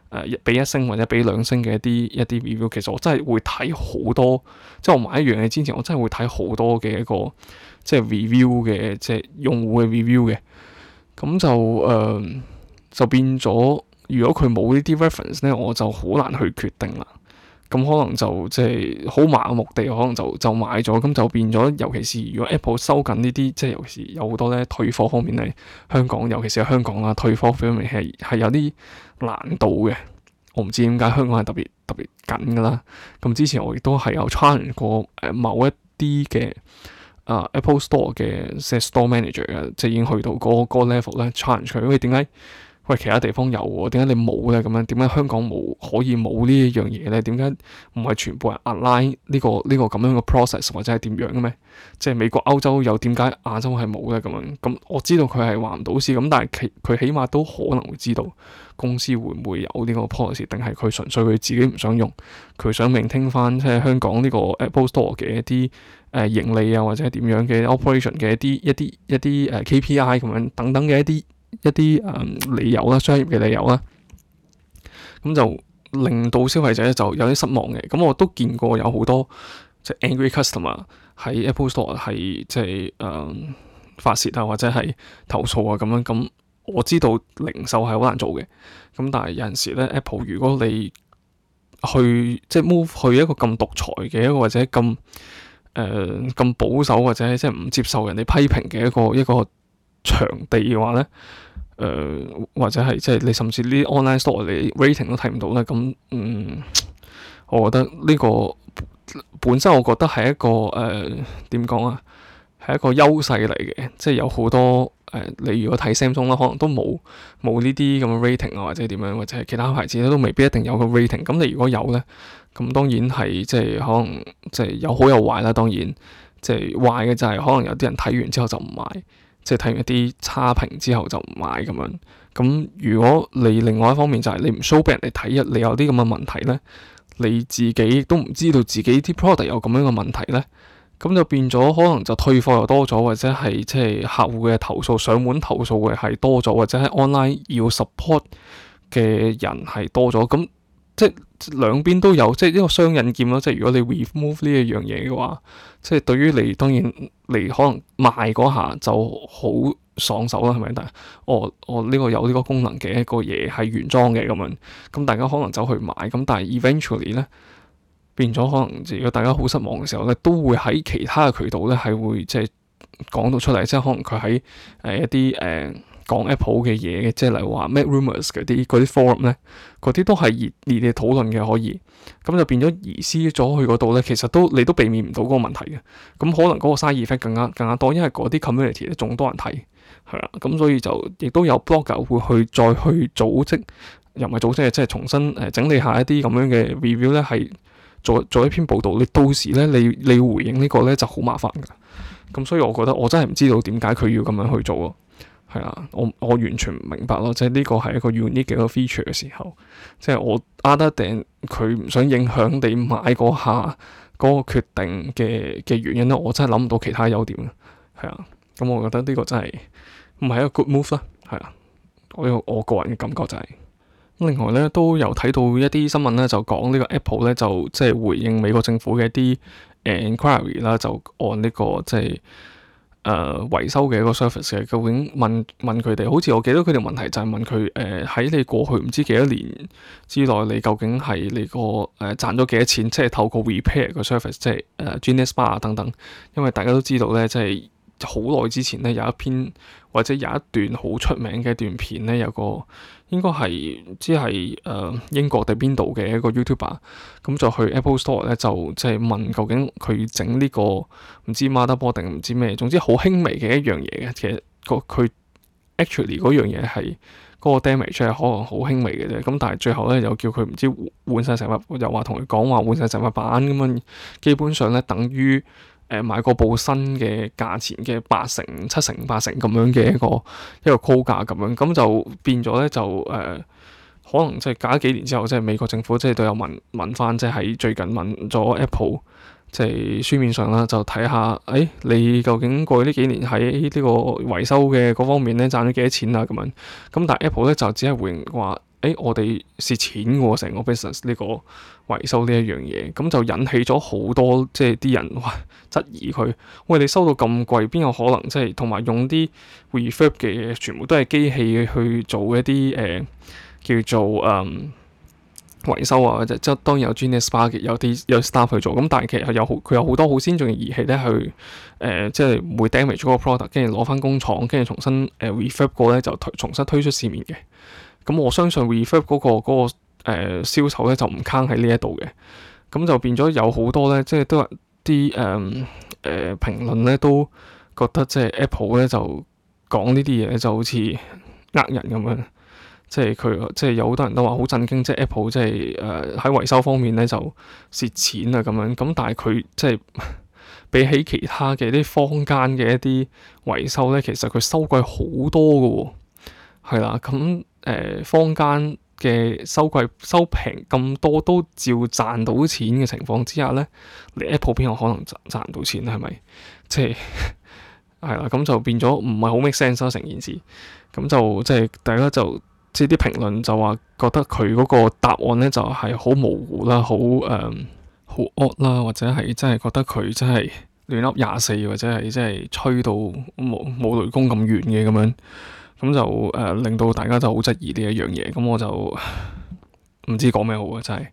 誒一比一星或者比兩星嘅一啲一啲 review，其實我真係會睇好多，即係我買一樣嘢之前我真係會睇好多嘅一個即係 review 嘅即係用戶嘅 review 嘅，咁就誒、呃、就變咗，如果佢冇呢啲 reference 咧，我就好難去決定啦。咁可能就即係好麻木地，可能就就買咗，咁就變咗。尤其是如果 Apple 收緊呢啲，即係尤其是有好多咧退貨方面咧，香港尤其是喺香港啊退貨方面係係有啲難度嘅。我唔知點解香港係特別特別緊㗎啦。咁之前我亦都係有 challenge 過誒某一啲嘅啊 Apple Store 嘅 Sales Store Manager 嘅，即係已經去到嗰個嗰個 level 咧 challenge 佢。喂，點解？喂，其他地方有喎、哦，點解你冇咧？咁樣點解香港冇可以冇呢一樣嘢咧？點解唔係全部人 align 呢個呢、這個咁樣嘅 process 或者係點樣嘅咩？即、就、係、是、美國、歐洲有，點解亞洲係冇咧？咁樣咁、嗯、我知道佢係話唔到事咁，但係佢佢起碼都可能會知道公司會唔會有呢個 policy，定係佢純粹佢自己唔想用，佢想明聽翻即係香港呢個 Apple Store 嘅一啲誒、呃、盈利啊，或者係點樣嘅 operation 嘅一啲一啲一啲誒 KPI 咁樣等等嘅一啲。一啲誒、嗯、理由啦，商業嘅理由啦，咁就令到消費者就有啲失望嘅。咁我都見過有好多即係 angry customer 喺 Apple Store 係即係誒發泄啊，或者係投訴啊咁樣。咁我知道零售係好難做嘅。咁但係有陣時咧，Apple 如果你去即係、就是、move 去一個咁獨裁嘅一個或者咁誒咁保守或者即係唔接受人哋批評嘅一個一個場地嘅話咧。誒、呃、或者係即係你甚至呢啲 online store 你 rating 都睇唔到喇咁，嗯，我覺得呢、這個本身我覺得係一個誒點講啊，係、呃、一個優勢嚟嘅，即係有好多誒、呃、你如果睇 Samsung 啦，可能都冇冇呢啲咁嘅 rating 啊或者點樣，或者係其他牌子咧都未必一定有個 rating。咁你如果有咧，咁當然係即係可能即係有好有壞啦。當然即係壞嘅就係可能有啲人睇完之後就唔買。即係睇完一啲差評之後就唔買咁樣，咁如果你另外一方面就係你唔 show 俾人哋睇一，你有啲咁嘅問題咧，你自己都唔知道自己啲 product 有咁樣嘅問題咧，咁就變咗可能就退貨又多咗，或者係即係客戶嘅投訴上門投訴嘅係多咗，或者係 online 要 support 嘅人係多咗，咁即係。兩邊都有，即係一個雙刃劍咯。即係如果你 remove 呢一樣嘢嘅話，即係對於你當然你可能賣嗰下就好爽手啦，係咪？但係我我呢個有呢個功能嘅一個嘢係原裝嘅咁樣，咁大家可能走去買，咁但係、e、eventually 咧變咗可能如果大家好失望嘅時候咧，都會喺其他嘅渠道咧係會即係講到出嚟，即係可能佢喺誒一啲誒。呃講 Apple 嘅嘢嘅，即係例如話 Mac Rumors 嗰啲啲 forum 咧，嗰啲、um、都係熱烈嘅討論嘅，可以咁就變咗移師咗去嗰度咧。其實都你都避免唔到嗰個問題嘅，咁可能嗰個 side effect 更加更加多，因為嗰啲 community 咧仲多人睇，係啦，咁所以就亦都有 blogger 會去再去組織，又唔係組織即係重新誒整理下一啲咁樣嘅 review 咧，係做做一篇報導。你到時咧，你你回應個呢個咧就好麻煩嘅，咁所以我覺得我真係唔知道點解佢要咁樣去做咯。係啊，我我完全唔明白咯，即係呢個係一個 unique 嘅一個 feature 嘅時候，即係我 other 定佢唔想影響你買嗰下嗰、嗰個決定嘅嘅原因咧，我真係諗唔到其他優點啦。係啊，咁我覺得呢個真係唔係一個 good move 啦。係啊，我有我個人嘅感覺就係、係，另外咧都有睇到一啲新聞咧就講呢個 Apple 咧就即係、就係、回應美國政府嘅一啲誒 inquiry 啦、呢個，就按呢個即係。誒、呃、維修嘅一個 service 嘅，究竟問問佢哋？好似我記得佢哋問題就係問佢誒喺你過去唔知幾多年之內，你究竟係你個誒、呃、賺咗幾多錢？即係透過 repair 個 service 即係誒 Genius Bar 等等。因為大家都知道咧，即係好耐之前咧有一篇或者有一段好出名嘅一段片咧，有個。應該係即係誒英國定邊度嘅一個 YouTuber，咁就去 Apple Store 咧，就即係問究竟佢整呢個唔知 motherboard 定唔知咩，總之好輕微嘅一樣嘢嘅。其實佢 actually 嗰樣嘢係嗰、嗰個 damage 係可能好輕微嘅啫。咁但係最後咧又叫佢唔知換晒成物，又話同佢講話換晒成物版咁樣，基本上咧等於。誒買個部新嘅價錢嘅八成、七成、八成咁樣嘅一個一個估價咁樣，咁就變咗咧就誒、呃，可能即係隔幾年之後，即係美國政府即係都有問問翻，即係喺最近問咗 Apple 即係書面上啦，就睇下誒你究竟過去呢幾年喺呢個維修嘅嗰方面咧賺咗幾多錢啊咁樣。咁但係 Apple 咧就只係回應話。誒、哎，我哋蝕錢喎，成個 business 呢個維修呢一樣嘢，咁就引起咗好多即係啲人話質疑佢，喂，你收到咁貴，邊有可能？即係同埋用啲 refurb 嘅嘢，全部都係機器去做一啲誒、呃、叫做誒維、嗯、修啊，或者即當然有 Genius Spark，有啲有 staff 去做，咁但係其實有好，佢有好多好先進嘅儀器咧，去誒、呃、即係唔會 damage 嗰個 product，跟住攞翻工廠，跟住重新誒 refurb 過咧，就重新推出市面嘅。咁我相信 refurb 嗰、嗰個、嗰個呃、銷售咧就唔坑喺呢一度嘅，咁就變咗有好多咧，即係都有啲誒誒評論咧都覺得即係 Apple 咧就講呢啲嘢就好似呃人咁樣，即係佢即係有好多人都話好震驚，即係 Apple 即、就、係、是、誒喺、呃、維修方面咧就蝕錢啊咁樣，咁但係佢即係比起其他嘅啲坊間嘅一啲維修咧，其實佢收貴好多嘅喎、哦，係啦，咁。誒坊間嘅收貴收平咁多都照賺到錢嘅情況之下呢，你 Apple 邊有可能賺賺唔到錢係咪？即係係啦，咁、就係、 就變咗唔係好 make sense 啊成件事，咁就即係、就係、大家就即係啲評論就話覺得佢嗰個答案呢就係、係、好模糊啦，好誒好惡啦，或者係真係覺得佢真係亂笠廿四，或者係真係吹到冇冇雷公咁遠嘅咁樣。咁就誒、呃、令到大家就好質疑呢一樣嘢，咁我就唔知講咩好啊！真係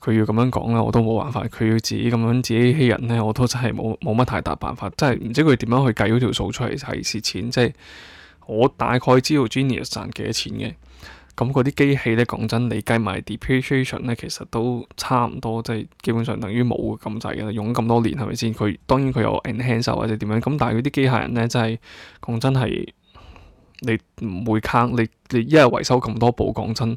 佢要咁樣講啦，我都冇辦法。佢要自己咁樣自己欺人咧，我都真係冇冇乜太大辦法。真係唔知佢點樣去計嗰條數出嚟係、就係、蝕錢。即係我大概知道 Genius 賺幾多錢嘅。咁嗰啲機器咧，講真，你計埋 depreciation 咧，其實都差唔多，即係基本上等於冇咁滯嘅。用咁多年係咪先？佢當然佢有 enhance 或者點樣。咁但係嗰啲機械人咧，真係講真係。你唔會坑你，你一日維修咁多部，講真，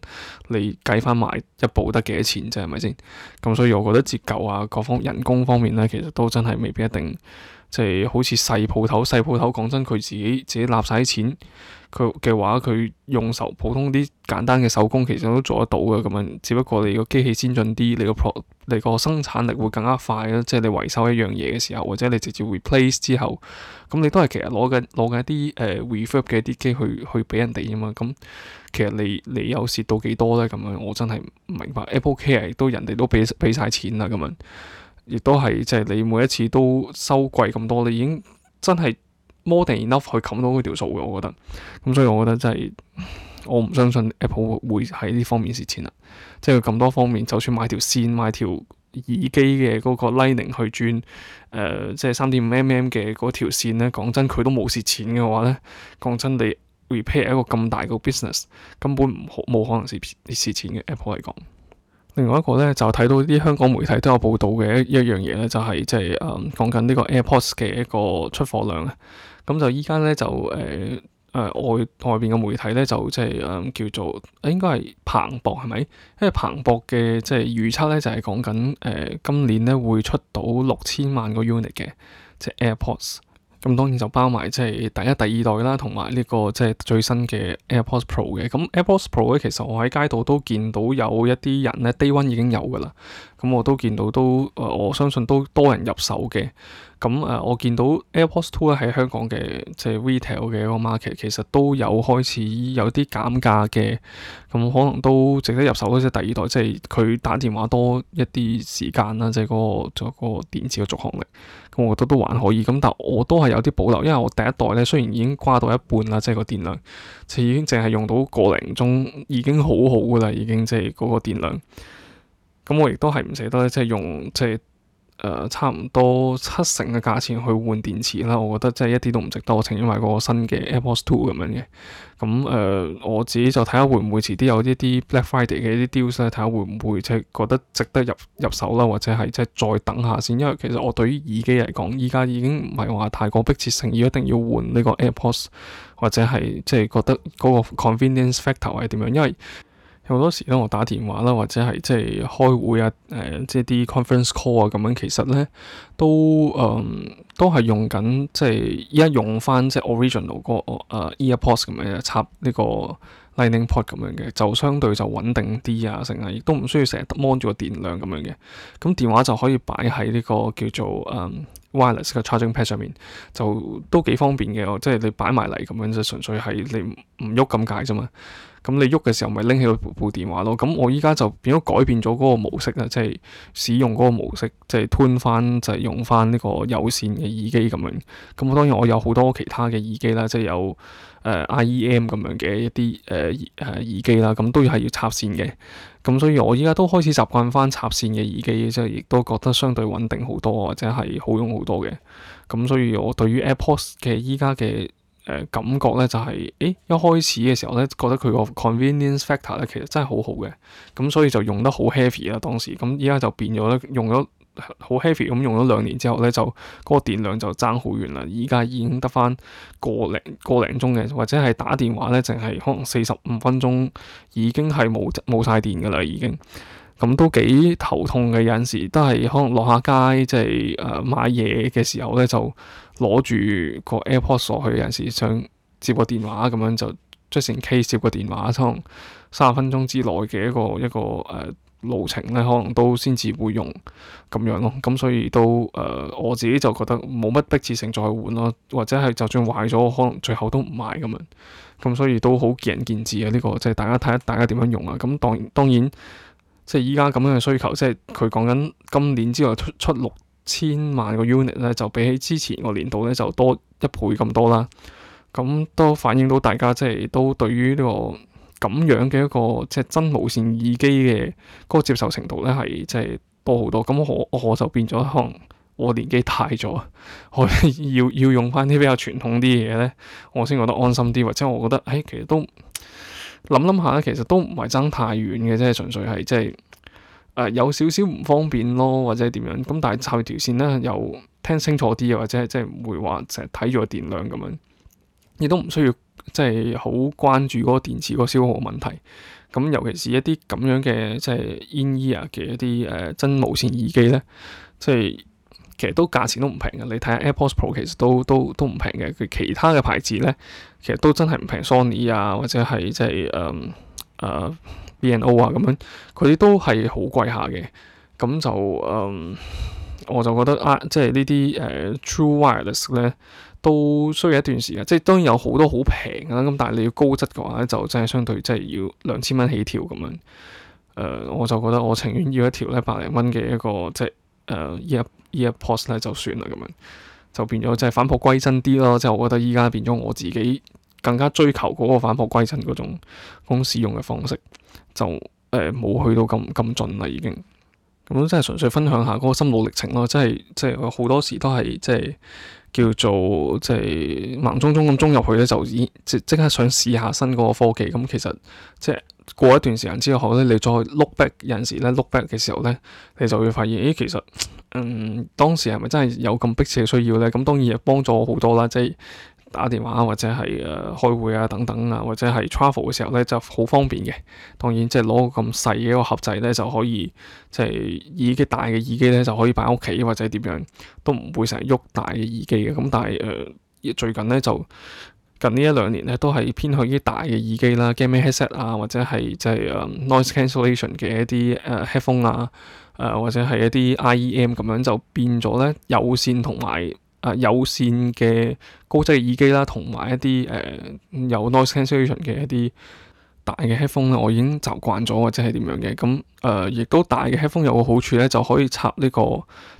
你計翻埋一部得幾多錢啫，係咪先？咁所以我覺得折舊啊，各方人工方面咧，其實都真係未必一定。即係好似細鋪頭，細鋪頭講真，佢自己自己納晒啲錢，佢嘅話佢用手普通啲簡單嘅手工，其實都做得到嘅咁樣。只不過你個機器先進啲，你個你個生產力會更加快啦。即係你維修一樣嘢嘅時候，或者你直接 replace 之後，咁你都係其實攞緊攞緊啲誒 refurb 嘅啲機去去俾人哋吖嘛。咁其實你你有蝕到幾多咧？咁樣我真係唔明白。AppleCare 啊，人都人哋都俾俾曬錢啦咁樣。亦都係，即係你每一次都收貴咁多，你已經真係 more than enough 去冚到嗰條數嘅，我覺得。咁所以我覺得真係我唔相信 Apple 會喺呢方面蝕錢啦。即係佢咁多方面，就算買條線、買條耳機嘅嗰個 Lightning 去轉，誒、呃，即係三點五 mm 嘅嗰條線咧，講真佢都冇蝕錢嘅話咧，講真你 repair 一個咁大個 business 根本唔冇可能蝕蝕錢嘅 Apple 嚟講。另外一個咧就睇到啲香港媒體都有報道嘅一一,一樣嘢咧，就是，就係即係誒講緊呢個 AirPods 嘅一個出貨量咧。咁就依家咧就誒誒、呃呃、外外邊嘅媒體咧就即係誒叫做應該係彭博係咪？因為彭博嘅即係預測咧就係講緊誒今年咧會出到六千萬個 unit 嘅即係 AirPods。就是 Air 咁當然就包埋即係第一、第二代啦，同埋呢個即係最新嘅 AirPods Pro 嘅。咁 AirPods Pro 咧，其實我喺街度都見到有一啲人咧，Day One 已經有㗎喇。咁我都見到都，誒、呃，我相信都多人入手嘅。咁誒、嗯，我見到 AirPods Two 咧喺香港嘅即係 retail 嘅一個 market，其實都有開始有啲減價嘅，咁可能都值得入手咯。即係第二代，即係佢打電話多一啲時間啦，即係嗰、嗰個作、嗰個、電池嘅續航力，咁我覺得都還可以。咁但係我都係有啲保留，因為我第一代咧雖然已經瓜到一半啦，即係個，個電量，就已經淨係用到個零鐘已經好好噶啦，已經即係嗰個電量。咁我亦都係唔捨得即係用即係。誒、呃、差唔多七成嘅價錢去換電池啦，我覺得真係一啲都唔值得我請。我情願買個新嘅 AirPods Two 咁樣嘅。咁、嗯、誒、呃，我自己就睇下會唔會遲啲有呢啲 Black Friday 嘅啲 deals，睇下會唔會即係覺得值得入入手啦，或者係即係再等下先。因為其實我對於耳機嚟講，依家已經唔係話太過迫切性，要一定要換呢個 AirPods，或者係即係覺得嗰個 convenience factor 係點樣，因為。有好多時咧，我打電話啦，或者係即係開會啊，誒、呃，即係啲 conference call 啊，咁樣其實咧都誒、嗯、都係用緊，即係依家用翻即係 original 嗰、呃、個誒 EarPods 咁樣插呢個 lightning port 咁樣嘅，就相對就穩定啲啊，成日亦都唔需要成日摸住個電量咁樣嘅。咁、嗯、電話就可以擺喺呢個叫做誒、嗯、wireless 嘅 charging pad 上面，就都幾方便嘅。即係你擺埋嚟咁樣，就純粹係你唔喐咁解啫嘛。咁你喐嘅時候咪拎起個部電話咯。咁我依家就變咗改變咗嗰個模式啦，即係使用嗰個模式，即係吞翻就係、是、用翻呢個，就是就是、個有線嘅耳機咁樣。咁當然我有好多其他嘅耳機啦，即、就、係、是、有誒、呃、IEM 咁樣嘅一啲誒誒耳機啦。咁都要係要插線嘅。咁所以我依家都開始習慣翻插線嘅耳機，即係亦都覺得相對穩定好多，或者係好用好多嘅。咁所以我對於 AirPods 嘅依家嘅。誒、呃、感覺咧就係、是，誒一開始嘅時候咧，覺得佢個 convenience factor 咧其實真係好好嘅，咁、嗯、所以就用得好 heavy 啦當時。咁依家就變咗咧，用咗好 heavy 咁用咗兩年之後咧，就、這個電量就爭好遠啦。依家已經得返個零個零鐘嘅，或者係打電話咧，淨係可能四十五分鐘已經係冇冇曬電㗎啦已經。咁、嗯、都幾頭痛嘅，有陣時都係可能落下街即係誒買嘢嘅時候咧就。攞住個 AirPods 去有陣時想接個電話，咁樣就 just in case 接個電話，可能三十分鐘之內嘅一個一個誒、呃、路程咧，可能都先至會用咁樣咯。咁、嗯、所以都誒、呃、我自己就覺得冇乜迫切性再換咯，或者係就算壞咗，可能最後都唔買咁樣，咁、嗯、所以都好見仁見智啊。呢、這個即係大家睇下大家點樣用啊。咁、嗯、當當然,當然即係依家咁樣嘅需求，即係佢講緊今年之內出出六。千萬個 unit 咧，就比起之前個年度咧，就多一倍咁多啦。咁都反映到大家即係都對於呢、這個咁樣嘅一個即係真無線耳機嘅嗰、那個接受程度咧，係即係多好多。咁我我就變咗可能我年紀大咗，我要要用翻啲比較傳統啲嘅嘢咧，我先覺得安心啲，或者我覺得誒、欸，其實都諗諗下咧，其實都唔係爭太遠嘅，即係純粹係即係。誒、呃、有少少唔方便咯，或者點樣？咁但係插條線呢，又聽清楚啲啊，或者即係唔會話成日睇住個電量咁樣，亦都唔需要即係好關注嗰個電池個消耗問題。咁尤其是一啲咁樣嘅即係 in-ear 嘅一啲誒、呃、真無線耳機呢，即係其實都價錢都唔平嘅。你睇下 AirPods Pro 其實都都都唔平嘅。佢其他嘅牌子呢，其實都真係唔平。Sony 啊，或者係即係誒誒。呃呃 B&O 啊，咁樣佢啲都係好貴下嘅，咁就嗯，我就覺得啊，即係呢啲誒 True Wireless 咧都需要一段時間，即係當然有好多好平㗎啦，咁但係你要高質嘅話咧，就真係相對即係要兩千蚊起跳咁樣。誒、呃，我就覺得我情願要一條咧百零蚊嘅一個即係誒依一依一 post 咧，就算啦咁樣，就變咗即係返璞歸真啲咯。即係我覺得依家變咗我自己更加追求嗰個返璞歸真嗰種嗰種使用嘅方式。就誒冇、呃、去到咁咁盡啦，已經咁都真係純粹分享下嗰個心路歷程咯，即係即係好多時都係即係叫做即係盲舂舂咁衝入去咧，就已即即刻想試下新嗰個科技。咁其實即係過一段時間之後咧，你再碌 back 有陣時咧碌 back 嘅時候咧，你就會發現咦、欸，其實嗯當時係咪真係有咁迫切嘅需要咧？咁當然係幫咗我好多啦，即係。打電話或者係誒、呃、開會啊等等啊，或者係 travel 嘅時候咧，就好方便嘅。當然即係攞個咁細嘅一個盒仔咧，就可以即係、就是、耳機大嘅耳機咧，就可以擺喺屋企或者點樣，都唔會成日喐大嘅耳機嘅。咁但係誒、呃、最近咧就近一兩呢一兩年咧，都係偏向於大嘅耳機啦，gaming headset 啊，或者係即係誒 noise cancellation 嘅一啲誒、呃、headphone 啊，誒、呃、或者係一啲 IEM 咁樣就變咗咧有線同埋。啊、有線嘅高質耳機啦，同埋一啲誒、呃、有 noise cancellation 嘅一啲大嘅 headphone 啦，我已經習慣咗或者係點樣嘅咁誒，亦、嗯呃、都大嘅 headphone 有個好處咧，就可以插呢個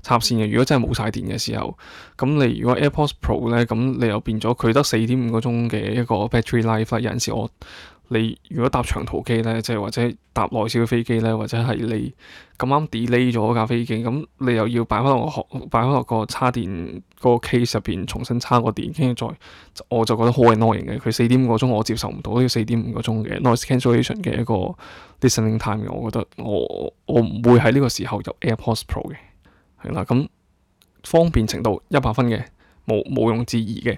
插線嘅。如果真係冇晒電嘅時候，咁你如果 AirPods Pro 咧，咁你又變咗佢得四點五個鐘嘅一個 battery life 啦。有陣時我。你如果搭長途機咧，即係或者搭內銷嘅飛機咧，或者係你咁啱 delay 咗架飛機，咁你又要擺返落個殼，擺返落個叉電個 case 入邊重新叉個電，跟住再我就覺得好 annoying 嘅。佢四點五個鐘我接受唔到，呢個四點五個鐘嘅 noise cancellation 嘅一個 listening time 嘅，我覺得我我唔會喺呢個時候入 AirPods Pro 嘅，係啦，咁方便程度一百分嘅，無無庸置疑嘅。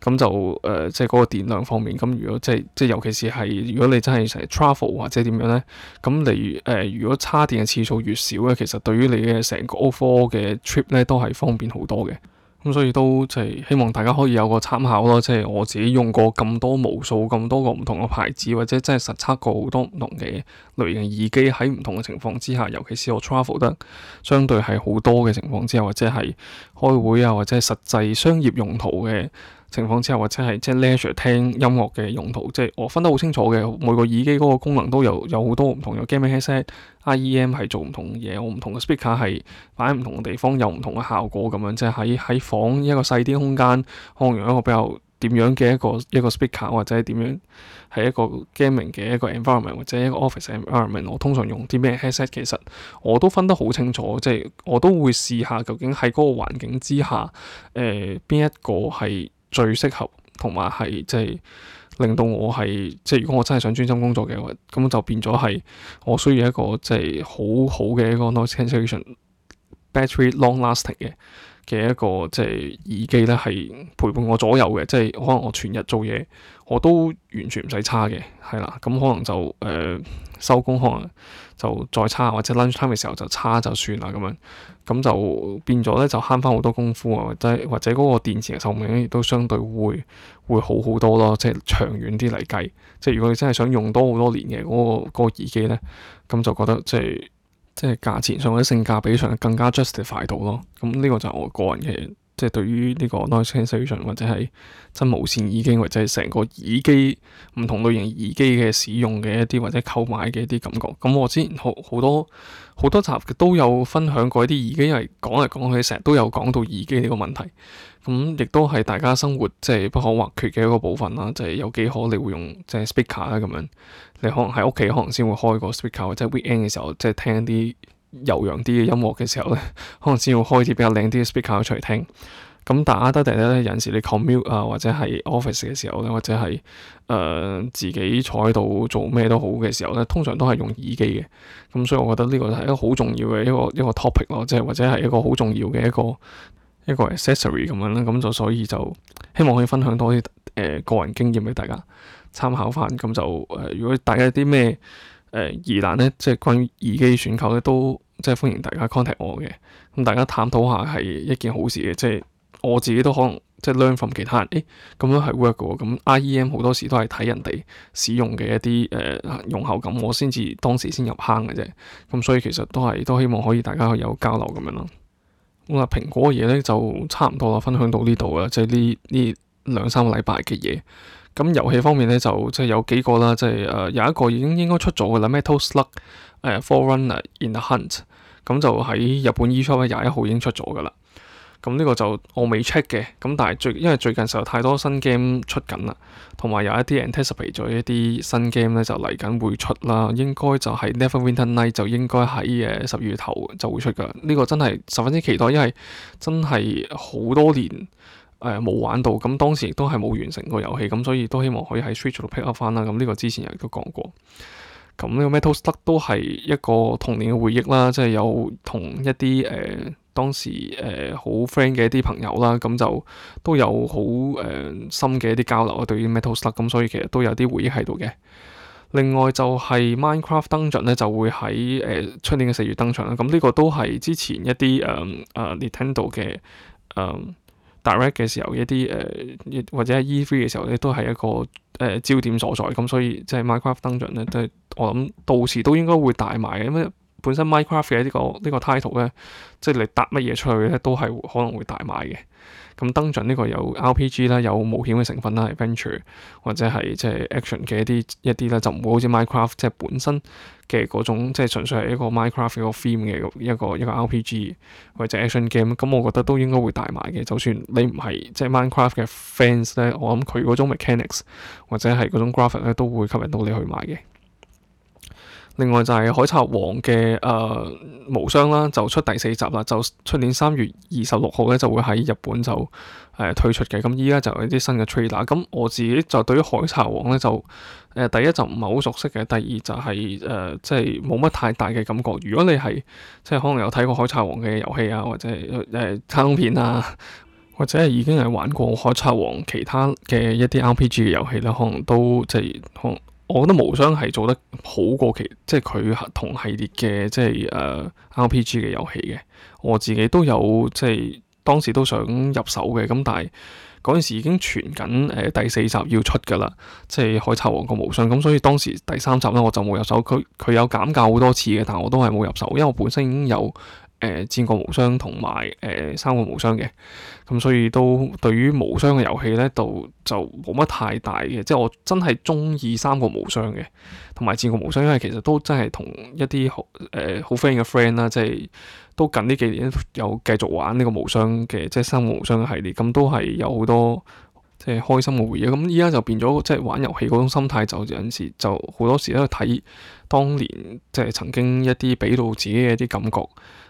咁就誒，即係嗰個電量方面。咁如果即係即係，尤其是係如果你真係成日 travel 或者點樣呢？咁你誒、呃、如果叉電嘅次數越少咧，其實對於你嘅成個 overall 嘅 trip 呢都係方便好多嘅。咁所以都即係希望大家可以有個參考咯。即係我自己用過咁多無數咁多個唔同嘅牌子，或者真係實測過好多唔同嘅類型耳機喺唔同嘅情況之下，尤其是我 travel 得相對係好多嘅情況之下，或者係開會啊，或者係實際商業用途嘅，情況之下，或者係即係 listen 聽音樂嘅用途，即係我分得好清楚嘅。每個耳機嗰個功能都有有好多唔同嘅 gaming headset，IEM 係做唔同嘢，我唔同嘅 speaker 係擺喺唔同嘅地方，有唔同嘅效果咁樣。即係喺喺房一個細啲空間，可能用一個比較點樣嘅一個一個 speaker，或者係點樣係一個 gaming 嘅一個 environment，或者一個 office environment，我通常用啲咩 headset，其實我都分得好清楚。即係我都會試下究竟喺嗰個環境之下，誒、呃、邊一個係。最適合同埋係即係令到我係即係如果我真係想專心工作嘅話，咁就變咗係我需要一個即係好好嘅一個 noise cancellation battery long lasting 嘅。嘅一個即係耳機咧，係陪伴我左右嘅，即係可能我全日做嘢，我都完全唔使叉嘅，係啦。咁、嗯、可能就誒收工，呃、可能就再叉，或者 lunch time 嘅時候就叉就算啦咁樣。咁就變咗咧，就慳翻好多功夫啊，或者或者嗰個電池嘅壽命亦都相對會會好好多咯，即係長遠啲嚟計。即係如果你真係想用多好多年嘅嗰、嗰個嗰個耳機咧，咁就覺得即係。即係價錢上或者性價比上更加 justify 到咯，咁，嗯，呢個就係我個人嘅。即係對於呢個 noise cancellation 或者係真無線耳機或者係成個耳機唔同類型耳機嘅使用嘅一啲或者購買嘅一啲感覺，咁我之前好好多好多集都有分享過一啲耳機，因為講嚟講去成日都有講到耳機呢個問題，咁亦都係大家生活即係、就是、不可或缺嘅一個部分啦。就係、是、有幾可你會用即係 speaker 啦。咁、就是、樣，你可能喺屋企可能先會開個 speaker 或者 weekend 嘅時候即係、就是、聽一啲。悠揚啲嘅音樂嘅時候咧，可能先會開隻比較靚啲嘅 speaker 出嚟聽。咁但係，我覺得大家咧，有時你 commute 啊，或者係 office 嘅時候咧，或者係誒、呃、自己坐喺度做咩都好嘅時候咧，通常都係用耳機嘅。咁所以，我覺得呢個係一個好重要嘅一個一個 topic 咯，即係或者係一個好重要嘅一個一個 accessory 咁樣啦。咁就所以就希望可以分享多啲誒、呃、個人經驗俾大家參考翻。咁就誒、呃，如果大家有啲咩，誒疑難咧，即係關於耳機選購咧，都即係歡迎大家 contact 我嘅。咁大家探討下係一件好事嘅，即係我自己都可能即係 learn from 其他人。誒咁樣係 work 嘅喎。咁、嗯、IEM 好多時都係睇人哋使用嘅一啲誒、呃、用後感，我先至當時先入坑嘅啫。咁、嗯、所以其實都係都希望可以大家有交流咁樣咯。咁啊，蘋果嘅嘢咧就差唔多啦，分享到呢度啊，即係呢呢兩三個禮拜嘅嘢。咁遊戲方面咧就即係有幾個啦，即係誒、呃、有一個已經應該出咗嘅啦，Metal Slug 誒、uh, Forerunner In The Hunt，咁就喺日本 Eshop 廿一號已經出咗嘅啦。咁呢個就我未 check 嘅，咁但係最因為最近實在太多新 game 出緊啦，同埋有一啲 Anticipate 一啲新 game 咧就嚟緊會出啦，應該就係 Never Winter Night 就應該喺誒十二月頭就會出㗎。呢、呢個真係十分之期待，因為真係好多年。誒冇、呃、玩到，咁、嗯、當時亦都係冇完成過遊戲，咁、嗯、所以都希望可以喺 Switch 度 pick up 翻啦、嗯。咁、這、呢個之前亦都講過。咁、嗯、呢、這個 Metal Slug 都係一個童年嘅回憶啦，即係有同一啲誒、呃、當時誒好、呃、friend 嘅一啲朋友啦，咁、嗯、就都有好誒、呃、深嘅一啲交流啊。對於 Metal Slug，咁、嗯、所以其實都有啲回憶喺度嘅。另外就係 Minecraft Dungeon 呢，就會喺誒、呃、出年嘅四月登場啦。咁、嗯、呢、嗯這個都係之前一啲誒啊 Nintendo 嘅誒。嗯 Direct 嘅時候一啲誒、呃，或者喺 E3 嘅時候咧，都係一個誒、呃、焦點所在。咁所以即係 Minecraft Dungeons 咧，都係我諗到時都應該會帶埋，因為。本身 Minecraft 呢個呢個 title 咧，即係你搭乜嘢出去咧，都係可能會大賣嘅。咁 Dungeon 呢個有 RPG 啦，有冒險嘅成分啦，Adventure 或者係即係 action 嘅一啲一啲咧，就唔會好似 Minecraft 即係本身嘅嗰種，即係純粹係一個 Minecraft 個 theme 嘅一個一個,個,個 RPG 或者 action game。咁我覺得都應該會大賣嘅。就算你唔係即係、即係、Minecraft 嘅 fans 咧，我諗佢嗰種 mechanics 或者係嗰種 graphic 咧，都會吸引到你去買嘅。另外就係《海賊王》嘅、呃、誒無雙啦，就出第四集啦，就出年三月二十六號咧就會喺日本就誒推、呃、出嘅。咁依家就有啲新嘅 trailer。咁我自己就對於《海賊王》呢咧就誒、呃、第一就唔係好熟悉嘅，第二就係誒即係冇乜太大嘅感覺。如果你係即係可能有睇過《海賊王》嘅遊戲啊，或者係誒卡通片啊，或者係已經係玩過《海賊王》其他嘅一啲 RPG 嘅遊戲啦，可能都即係可。我覺得無雙係做得好過其即係佢同系列嘅即係誒、uh, RPG 嘅遊戲嘅，我自己都有即係當時都想入手嘅，咁但係嗰陣時已經傳緊誒第四集要出㗎啦，即係海賊王個無雙，咁所以當時第三集咧我就冇入手，佢佢有減價好多次嘅，但我都係冇入手，因為我本身已經有。誒、呃《戰國無雙》同埋誒《三國無雙》嘅，咁所以都對於無雙嘅遊戲呢度就冇乜太大嘅，即係我真係鍾意《三國無雙》嘅，同埋《戰國無雙》，因為其實都真係同一啲好誒、呃、好 friend 嘅 friend 啦，即係都近呢幾年有繼續玩呢個無雙嘅，即係《三國無雙》嘅系列，咁都係有好多。即係開心嘅回憶，咁依家就變咗，即係玩遊戲嗰種心態就，就有陣時就好多時都睇當年即係曾經一啲俾到自己嘅一啲感覺，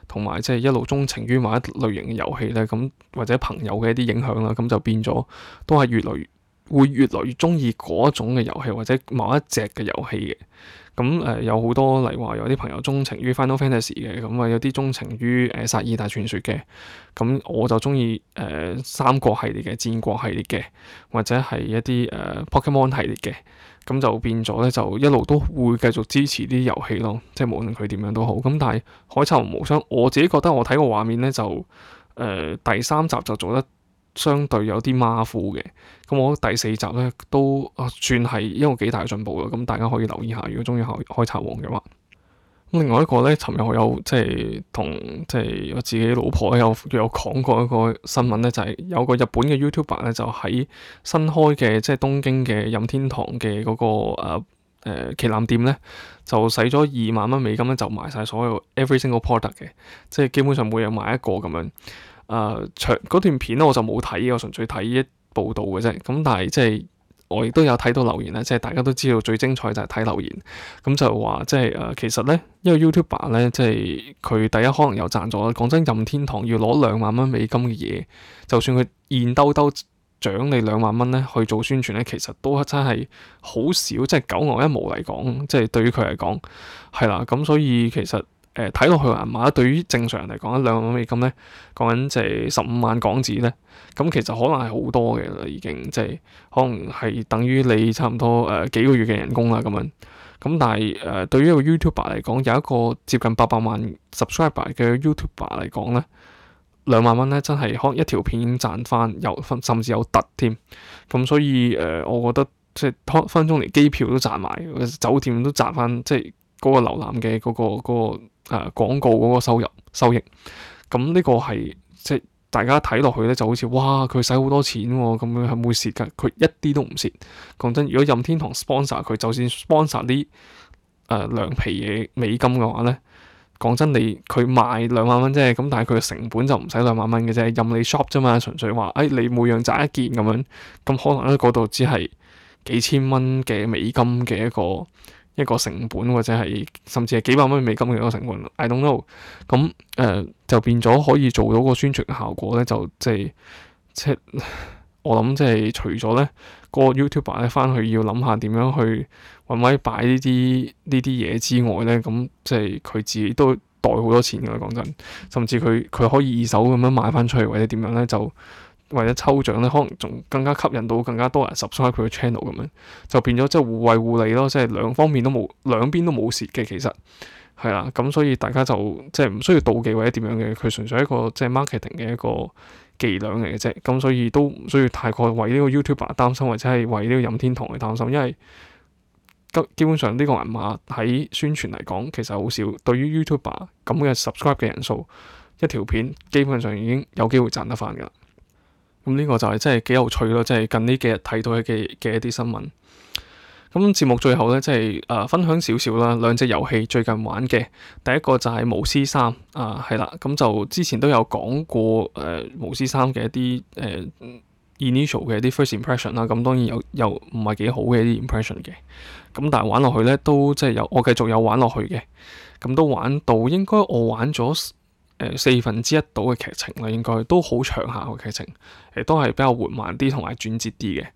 同埋即係一路鍾情於某一類型嘅遊戲咧，咁或者朋友嘅一啲影響啦，咁就變咗都係越來越會越來越中意嗰種嘅遊戲或者某一隻嘅遊戲嘅。咁誒、嗯、有好多，例如話有啲朋友鍾情於 Final Fantasy 嘅，咁、嗯、啊有啲鍾情於誒薩爾達傳說嘅，咁、嗯、我就鍾意誒三國系列嘅、戰國系列嘅，或者係一啲誒、呃、Pokemon 系列嘅，咁、嗯、就變咗咧，就一路都會繼續支持啲遊戲咯，即係無論佢點樣都好。咁、嗯、但係《海賊無雙》，我自己覺得我睇個畫面咧，就誒、呃、第三集就做得。相對有啲馬虎嘅，咁我覺得第四集呢都啊算係一個幾大進步嘅，咁大家可以留意下，如果中意《海海賊王》嘅話。另外一個呢，尋日我有即係同即係我自己老婆有有講過一個新聞呢，就係、是、有個日本嘅 YouTuber 呢，就喺新開嘅即係東京嘅任天堂嘅嗰、那個誒、呃呃、旗艦店呢，就使咗二萬蚊美金呢，就買晒所有 Every Single Product 嘅，即係基本上每日買一個咁樣。誒、uh, 長嗰段片咧，我就冇睇，我純粹睇報道嘅啫。咁但係即係我亦都有睇到留言咧，即係大家都知道最精彩就係睇留言。咁就話即係誒，其實咧，因為 YouTuber 咧，即係佢第一可能又賺咗。講真，任天堂要攞兩萬蚊美金嘅嘢，就算佢現兜兜獎你兩萬蚊咧去做宣傳咧，其實都真係好少，即係九牛一毛嚟講，即係對於佢嚟講係啦。咁所以其實。誒睇落去銀碼，買對於正常人嚟講，兩萬蚊美金咧，講緊即係十五萬港紙咧，咁其實可能係好多嘅啦，已經即、就、係、是、可能係等於你差唔多誒、呃、幾個月嘅人工啦咁樣。咁但係誒、呃，對於一個 YouTuber 嚟講，有一個接近八百萬 subscriber 嘅 YouTuber 嚟講咧，兩萬蚊咧真係可能一條片賺翻，有甚至有突添。咁、嗯、所以誒、呃，我覺得即係分分鐘連機票都賺埋，酒店都賺翻，即係嗰、那個瀏覽嘅嗰個嗰個，那個誒、呃、廣告嗰個收入收益，咁、嗯、呢、這個係即係大家睇落去呢就好似哇佢使好多錢喎、啊，咁樣係唔會蝕嘅，佢一啲都唔蝕。講真，如果任天堂 sponsor 佢，就算 sponsor 啲誒兩、呃、皮嘢美金嘅話呢，講真，你佢賣兩萬蚊啫，咁但係佢嘅成本就唔使兩萬蚊嘅啫，任你 shop 啫嘛，純粹話誒、哎、你每樣賺一件咁樣，咁、嗯嗯、可能咧嗰度只係幾千蚊嘅美金嘅一個。一個成本或者係甚至係幾百蚊美金嘅一個成本，I don't know。咁、呃、誒就變咗可以做到個宣傳效果咧，就即係即係我諗即係除咗咧、呢個 YouTuber 咧翻去要諗下點樣去揾位擺呢啲呢啲嘢之外咧，咁即係佢自己都袋好多錢㗎喇。講真，甚至佢佢可以二手咁樣買翻出去或者點樣咧就。或者抽獎咧，可能仲更加吸引到更加多人 subscribe 佢嘅 channel 咁樣，就變咗即係互惠互利咯，即係兩方面都冇，兩邊都冇蝕嘅。其實係啦，咁所以大家就即係唔需要妒忌或者點樣嘅。佢純粹係一個即係 marketing 嘅一個伎倆嚟嘅啫。咁所以都唔需要太過為呢個 YouTuber 擔心，或者係為呢個任天堂去擔心，因為基基本上呢個人馬喺宣傳嚟講其實好少。對於 YouTuber 咁嘅 subscribe 嘅人數一條片基本上已經有機會賺得返㗎啦。咁呢個就係真係幾有趣咯！即係近呢幾日睇到嘅嘅一啲新聞。咁、嗯、節目最後呢，即係誒分享少少啦。兩隻遊戲最近玩嘅，第一個就係、是、巫師三啊，係啦。咁、嗯、就之前都有講過誒巫師三嘅一啲誒、呃、initial 嘅一啲 first impression 啦、嗯。咁當然有有唔係幾好嘅一啲 impression 嘅。咁、嗯、但係玩落去呢，都即係有我繼續有玩落去嘅。咁、嗯、都玩到應該我玩咗。誒、呃、四分之一度嘅劇情啦，應該都好長下個劇情，誒、呃、都係比較緩慢啲同埋轉折啲嘅，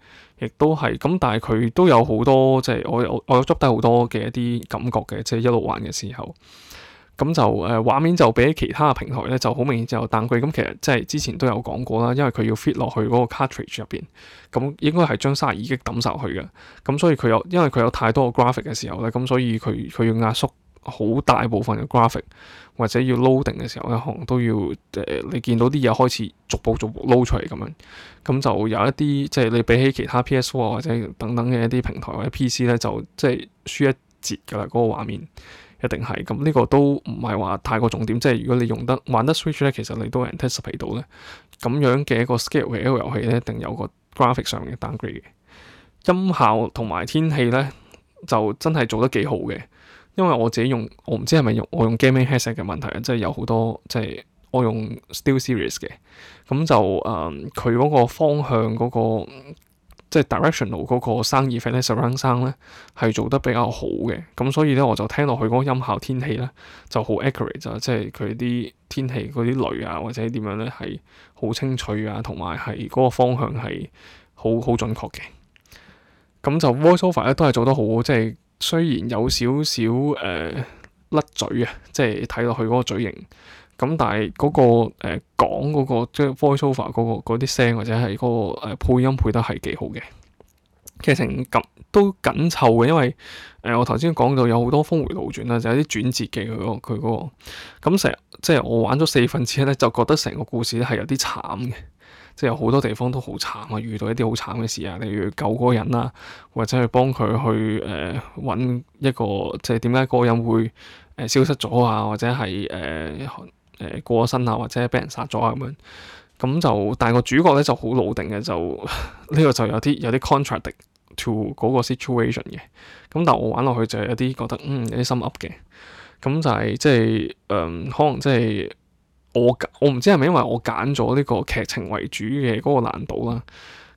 亦都係咁。但係佢都有好多即係、就是、我我我捉低好多嘅一啲感覺嘅，即係一路玩嘅時候，咁就誒、呃、畫面就比起其他嘅平台咧就好明顯。就但佢咁其實即係之前都有講過啦，因為佢要 fit 落去嗰個 cartridge 入邊，咁應該係將卅二 gig 抌曬去嘅，咁所以佢有因為佢有太多 graphic 嘅時候咧，咁所以佢佢要壓縮。好大部分嘅 graphic 或者要 loading 嘅時候咧，可能都要誒、呃、你見到啲嘢開始逐步逐步 load 出嚟咁樣，咁就有一啲即係你比起其他 PS4 或者等等嘅一啲平台或者 PC 咧，就即係輸一截噶啦，嗰、那個畫面一定係咁，呢個都唔係話太過重點。即係如果你用得玩得 Switch 咧，其實你都係 anticipate 到咧，咁樣嘅一個 scale 嘅一個遊戲咧，一定有個 graphic 上面嘅 downgrade 嘅。音效同埋天氣咧，就真係做得幾好嘅。因為我自己用，我唔知係咪用我用 Gaming Headset 嘅問題啊，即係有好多即係我用 SteelSeries 嘅，咁就誒佢嗰個方向嗰、嗰個即係 Directional 嗰個聲熱 field surround 聲咧係做得比較好嘅，咁所以咧我就聽落去嗰個音效天氣咧就好 accurate 啊，即係佢啲天氣嗰啲雷啊或者點樣咧係好清脆啊，同埋係嗰個方向係好好準確嘅，咁就 Voiceover 咧都係做得好即係。雖然有少少誒、呃、甩嘴啊，即係睇落去嗰、嗰個嘴型，咁但係嗰個誒講嗰個即係 voiceover 嗰個嗰啲聲或者係嗰、嗰個誒、呃、配音配得係幾好嘅。劇情緊都緊湊嘅，因為誒、呃、我頭先講到有好多峰回路轉啦，就有、是、啲轉折嘅，佢嗰個佢嗰個咁成日，即係我玩咗四分之一咧，就覺得成個故事咧係有啲慘嘅。即係有好多地方都好慘啊！遇到一啲好慘嘅事啊，例如救嗰個人啊，或者去幫佢去誒搵、呃、一個，即係點解嗰個人會誒、呃、消失咗啊，或者係誒誒過咗身啊，或者俾人殺咗啊咁樣。咁就但係個主角呢就好老定嘅，就呢 個就有啲有啲 contradict to 嗰個 situation 嘅。咁但我玩落去就係有啲覺得嗯有啲心噏嘅。咁就係、是、即係誒、呃、可能即、就、係、是。我我唔知係咪因為我揀咗呢個劇情為主嘅嗰個難度啦，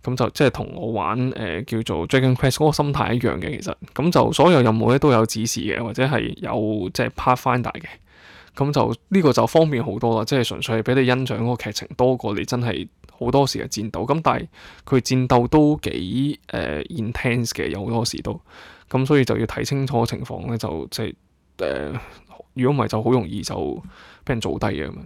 咁就即係同我玩誒、呃、叫做 Dragon Quest 嗰個心態一樣嘅，其實咁就所有任務咧都有指示嘅，或者係有即係、就是、part 翻大嘅，咁就呢、這個就方便好多啦，即係純粹係俾你欣賞嗰個劇情多過你真係好多時嘅戰鬥，咁但係佢戰鬥都幾誒、呃、intense 嘅，有好多時都咁，所以就要睇清楚情況咧，就即係誒如果唔係就好、是呃、容易就俾人做低嘅咁樣。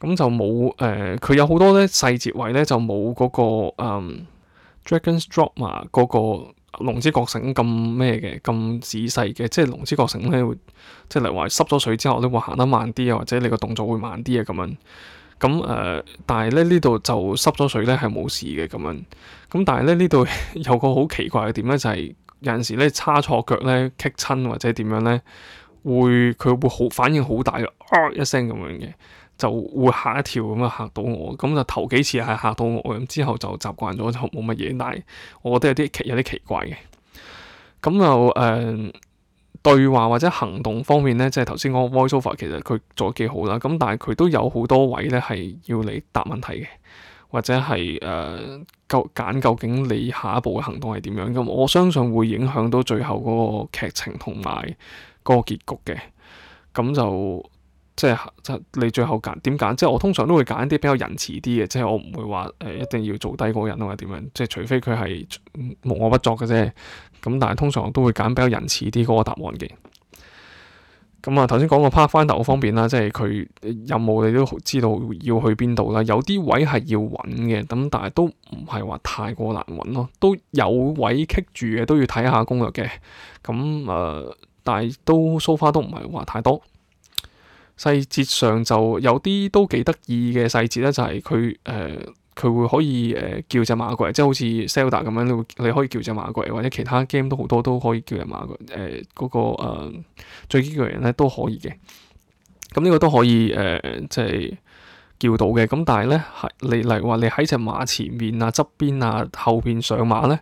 咁、嗯、就冇誒，佢、呃、有好多咧細節位咧，就冇嗰、那個 Dragon's Drama》嗰、嗯、個龍之國城咁咩嘅，咁仔細嘅。即係龍之國城咧，即係例如話濕咗水之後咧，你會行得慢啲啊，或者你個動作會慢啲啊咁樣。咁、嗯、誒、呃，但係咧呢度就濕咗水咧，係冇事嘅咁樣。咁但係咧呢度 有個好奇怪嘅點咧，就係、是、有陣時咧叉錯腳咧，棘親或者點樣咧，會佢會好反應好大嘅、呃、一聲咁樣嘅。就會嚇一跳咁啊，嚇到我咁，就頭幾次係嚇到我咁，之後就習慣咗就冇乜嘢，但係我覺得有啲奇有啲奇怪嘅。咁就誒、呃、對話或者行動方面咧，即係頭先嗰個 Voiceover 其實佢做得幾好啦。咁但係佢都有好多位咧係要你答問題嘅，或者係誒，夠、呃、揀究竟你下一步嘅行動係點樣咁。我相信會影響到最後嗰個劇情同埋嗰個結局嘅。咁就。即係即你最後揀點揀？即係我通常都會揀啲比較仁慈啲嘅，即係我唔會話誒、欸、一定要做低嗰個人啊點樣？即係除非佢係無惡不作嘅啫。咁但係通常都會揀比較仁慈啲嗰個答案嘅。咁啊頭先講個 Pathfinder 好方便啦，即係佢任務你都知道要去邊度啦。有啲位係要揾嘅，咁但係都唔係話太過難揾咯，都有位棘住嘅都要睇下攻略嘅。咁誒、啊，但係都 so far 都唔係話太多。細節上就有啲都幾得意嘅細節咧，就係佢誒佢會可以誒、呃、叫隻馬過嚟，即係好似《薩爾達》咁樣，你會你可以叫隻馬過嚟，或者其他 game 都好多都可以叫馬、呃那個呃、隻馬過嚟誒嗰個誒最堅嘅人咧都可以嘅。咁、嗯、呢、呢個都可以誒即係叫到嘅。咁但係咧係你例如話你喺隻馬前面啊、側邊啊、後邊上馬咧，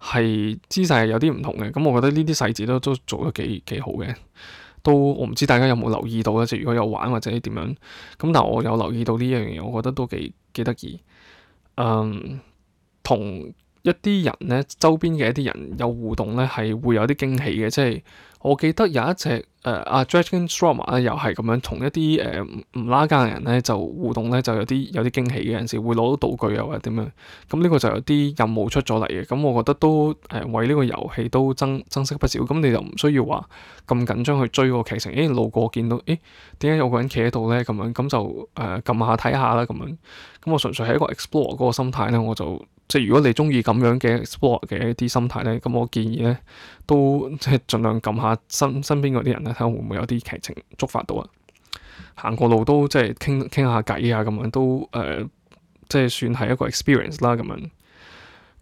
係姿勢係有啲唔同嘅。咁我覺得呢啲細節都都做得幾幾好嘅。都我唔知大家有冇留意到咧，即係如果有玩或者點樣，咁，但我有留意到呢樣嘢，我覺得都幾幾得意。嗯，同一啲人咧，周邊嘅一啲人有互動咧，係會有啲驚喜嘅。即係我記得有一隻。誒阿 Jaden Stroma 咧，uh, 又係咁樣同一啲誒唔唔拉更嘅人咧，就互動咧，就有啲有啲驚喜嘅。有陣時會攞到道具啊，或者點樣咁呢、嗯，這個就有啲任務出咗嚟嘅。咁、嗯、我覺得都誒、呃、為呢個遊戲都增增色不少。咁、嗯、你就唔需要話咁緊張去追個劇情。咦，路過見到，誒點解有個人企喺度咧？咁樣咁就誒撳下睇下啦。咁樣咁、嗯嗯、我純粹係一個 explorer 嗰個心態咧，我就。即係如果你中意咁樣嘅 explore 嘅一啲心態咧，咁我建議咧都即係盡量撳下身身邊嗰啲人咧，睇下會唔會有啲劇情觸發到啊。行過路都即係傾傾下偈啊，咁樣都誒、呃，即係算係一個 experience 啦，咁樣。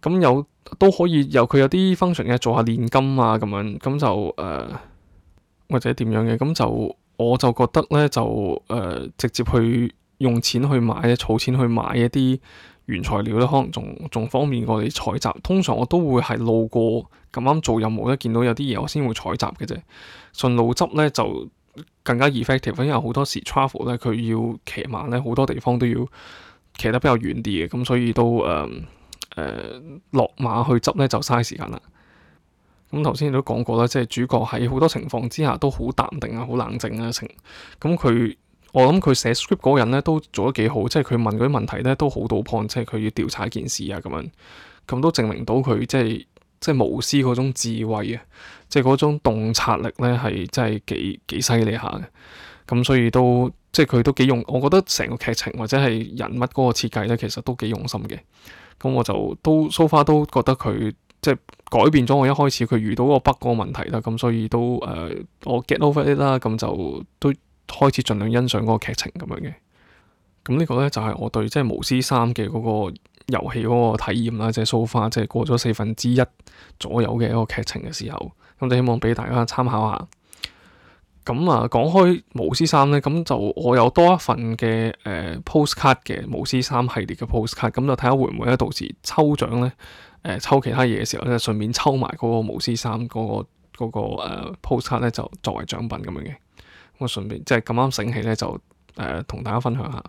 咁有都可以由佢有啲 function 嘅做下練金啊，咁樣咁就誒、呃、或者點樣嘅，咁就我就覺得咧就誒、呃、直接去用錢去買嘅，儲錢去買一啲。原材料咧，可能仲仲方便過你採集。通常我都會係路過咁啱做任務咧，見到有啲嘢我先會採集嘅啫。順路執咧就更加 effective，因為好多時 travel 咧佢要騎馬咧，好多地方都要騎得比較遠啲嘅，咁、嗯、所以都誒誒、呃呃、落馬去執咧就嘥時間啦。咁頭先都講過啦，即係主角喺好多情況之下都好淡定啊，好冷靜啊，成咁佢。嗯我諗佢寫 script 嗰個人咧都做得幾好，即係佢問嗰啲問題咧都好到 point，即係佢要調查一件事啊咁樣，咁都證明到佢即係即係巫師嗰種智慧啊，即係嗰種洞察力咧係真係幾幾犀利下嘅，咁所以都即係佢都幾用，我覺得成個劇情或者係人物嗰個設計咧，其實都幾用心嘅。咁我就都 so far 都覺得佢即係改變咗我一開始佢遇到個北個問題啦，咁所以都誒、uh, 我 get over it 啦，咁就都。開始盡量欣賞嗰個劇情咁樣嘅，咁呢個呢，就係、是、我對即係《巫師三》嘅嗰個遊戲嗰個體驗啦，即係 so far，即係過咗四分之一左右嘅一個劇情嘅時候，咁就希望俾大家參考下。咁啊，講開《巫師三》呢，咁就我有多一份嘅誒、呃、postcard 嘅《巫師三》系列嘅 postcard，咁就睇下會唔會呢，到時抽獎呢，誒、呃，抽其他嘢嘅時候，呢，係順便抽埋嗰、那個《巫師三》嗰、那個嗰、那個呃、postcard 呢，就作為獎品咁樣嘅。我順便即係咁啱醒起咧，就誒、呃、同大家分享下。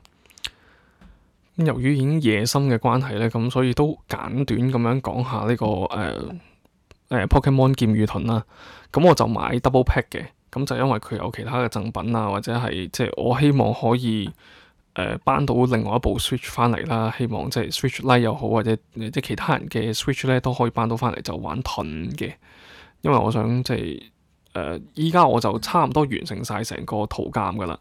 由於已經夜深嘅關係咧，咁所以都簡短咁樣講下呢、這個誒、呃呃、Pokemon 劍與盾啦。咁我就買 double pack 嘅，咁就因為佢有其他嘅贈品啊，或者係即係我希望可以誒、呃、搬到另外一部 Switch 翻嚟啦。希望即係 Switch Lite 又好，或者即係其他人嘅 Switch 咧都可以搬到翻嚟就玩盾嘅，因為我想即係。誒，依家、uh, 我就差唔多完成晒成個圖鑑㗎喇。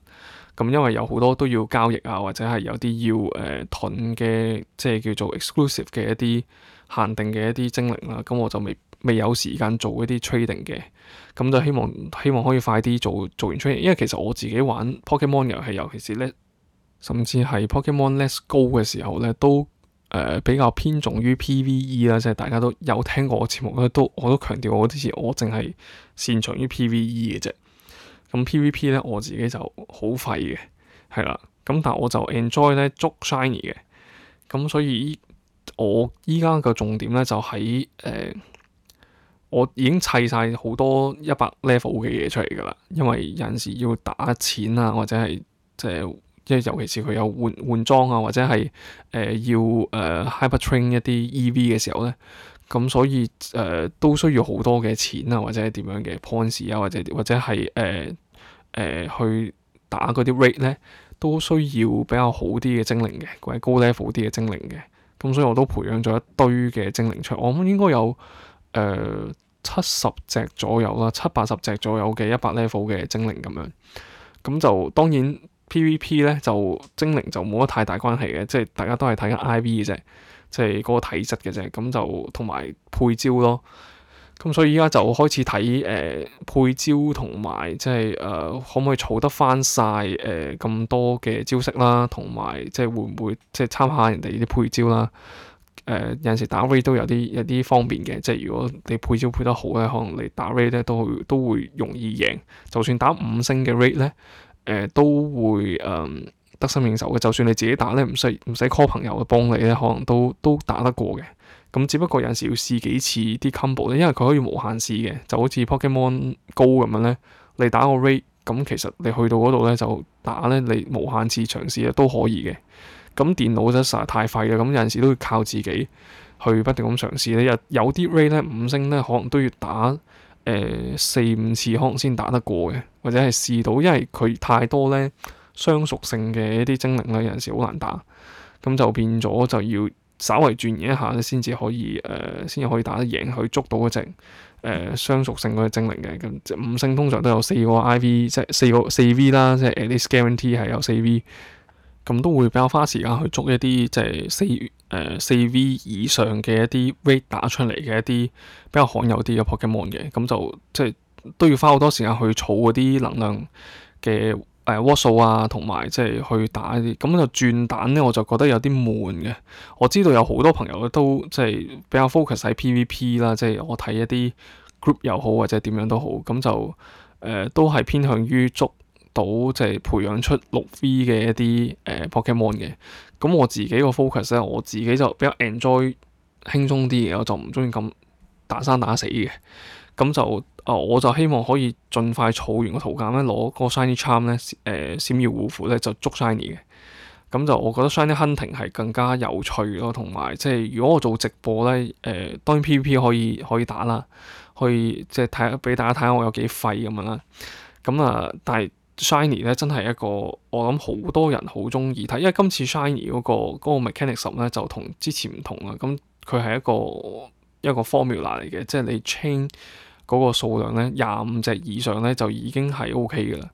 咁因為有好多都要交易啊，或者係有啲要誒盾嘅，即係叫做 exclusive 嘅一啲限定嘅一啲精靈啦、啊。咁我就未未有時間做一啲 trading 嘅。咁就希望希望可以快啲做做完 trading。因為其實我自己玩 Pokemon 遊戲，尤其是咧，甚至係 Pokemon Let's Go 嘅時候咧，都。誒、呃、比較偏重於 PVE 啦，即係大家都有聽過我節目咧，都我都強調我之前我淨係擅長於 PVE 嘅啫。咁 PVP 咧我自己就好廢嘅，係啦。咁但係我就 enjoy 咧捉 shiny 嘅。咁所以我依家個重點咧就喺誒、呃，我已經砌晒好多一百 level 嘅嘢出嚟㗎啦。因為有陣時要打錢啊，或者係即係。即係尤其是佢有換換裝啊，或者係誒、呃、要誒、呃、hyper train 一啲 EV 嘅時候咧，咁所以誒、呃、都需要好多嘅錢啊，或者點樣嘅 point 啊，或者或者係誒誒去打嗰啲 rate 咧，都需要比較好啲嘅精靈嘅，或者高 level 啲嘅精靈嘅。咁所以我都培養咗一堆嘅精靈出嚟，我諗應該有誒七十隻左右啦，七八十隻左右嘅一百 level 嘅精靈咁樣。咁就當然。PVP 咧就精靈就冇乜太大關係嘅，即係大家都係睇緊 IV 嘅啫，即係嗰個體質嘅啫。咁就同埋配招咯。咁所以依家就開始睇誒、呃、配招同埋即係誒、呃、可唔可以儲得翻晒誒咁多嘅招式啦，同埋即係會唔會即係參考人哋啲配招啦？誒、呃、有陣時打 raid 都有啲有啲方便嘅，即係如果你配招配得好咧，可能你打 raid 咧都會都會容易贏。就算打五星嘅 raid 咧。呃、都會、呃、得心應手嘅，就算你自己打呢，唔使唔使 call 朋友去幫你咧，可能都都打得過嘅。咁只不過有陣時要試幾次啲 combo，因為佢可以無限試嘅，就好似 Pokemon Go 咁樣呢，你打個 rate、嗯。咁其實你去到嗰度呢，就打呢你無限次嘗試都可以嘅。咁、嗯、電腦咧實在太廢啦，咁、嗯、有陣時都要靠自己去不斷咁嘗試。有有啲 rate 咧五星呢，可能都要打四五、呃、次可能先打得過嘅。或者係試到，因為佢太多咧雙屬性嘅一啲精靈咧，有陣時好難打，咁就變咗就要稍為轉型一下先至可以誒，先、呃、可以打得贏去捉到嗰隻誒雙屬性嗰啲精靈嘅。咁即五星通常都有四個 IV，即係四個四 V 啦，即係 at least guarantee 係有四 V，咁都會比較花時間去捉一啲即係四誒四 V 以上嘅一啲 Raid 打出嚟嘅一啲比較罕有啲嘅 Pokemon 嘅，咁就即係。都要花好多時間去儲嗰啲能量嘅誒 W 數啊，同埋即係去打啲，咁就轉蛋呢，我就覺得有啲悶嘅。我知道有好多朋友都即係比較 focus 喺 PVP 啦，即係我睇一啲 group 又好，或者點樣都好，咁就誒都係偏向於捉到即係培養出六 V 嘅一啲誒 Pokemon 嘅。咁我自己個 focus 咧，我自己就比較 enjoy 輕鬆啲嘅，我就唔中意咁打生打死嘅。咁就啊、呃，我就希望可以盡快儲完個圖鑑咧，攞個 shiny charm 咧，誒、呃、閃耀護符咧就捉 shiny 嘅。咁就我覺得 shiny hunting 係更加有趣咯，同埋即係如果我做直播咧，誒、呃、當然 PVP 可以可以打啦，可以即係睇俾大家睇下我有幾廢咁樣啦。咁啊，但係 shiny 咧真係一個我諗好多人好中意睇，因為今次 shiny 嗰、嗰個、嗰個、mechanism 咧就同之前唔同啦。咁佢係一個一個 formula 嚟嘅，即係你 chain。嗰個數量咧，廿五隻以上咧就已經係 OK 嘅啦，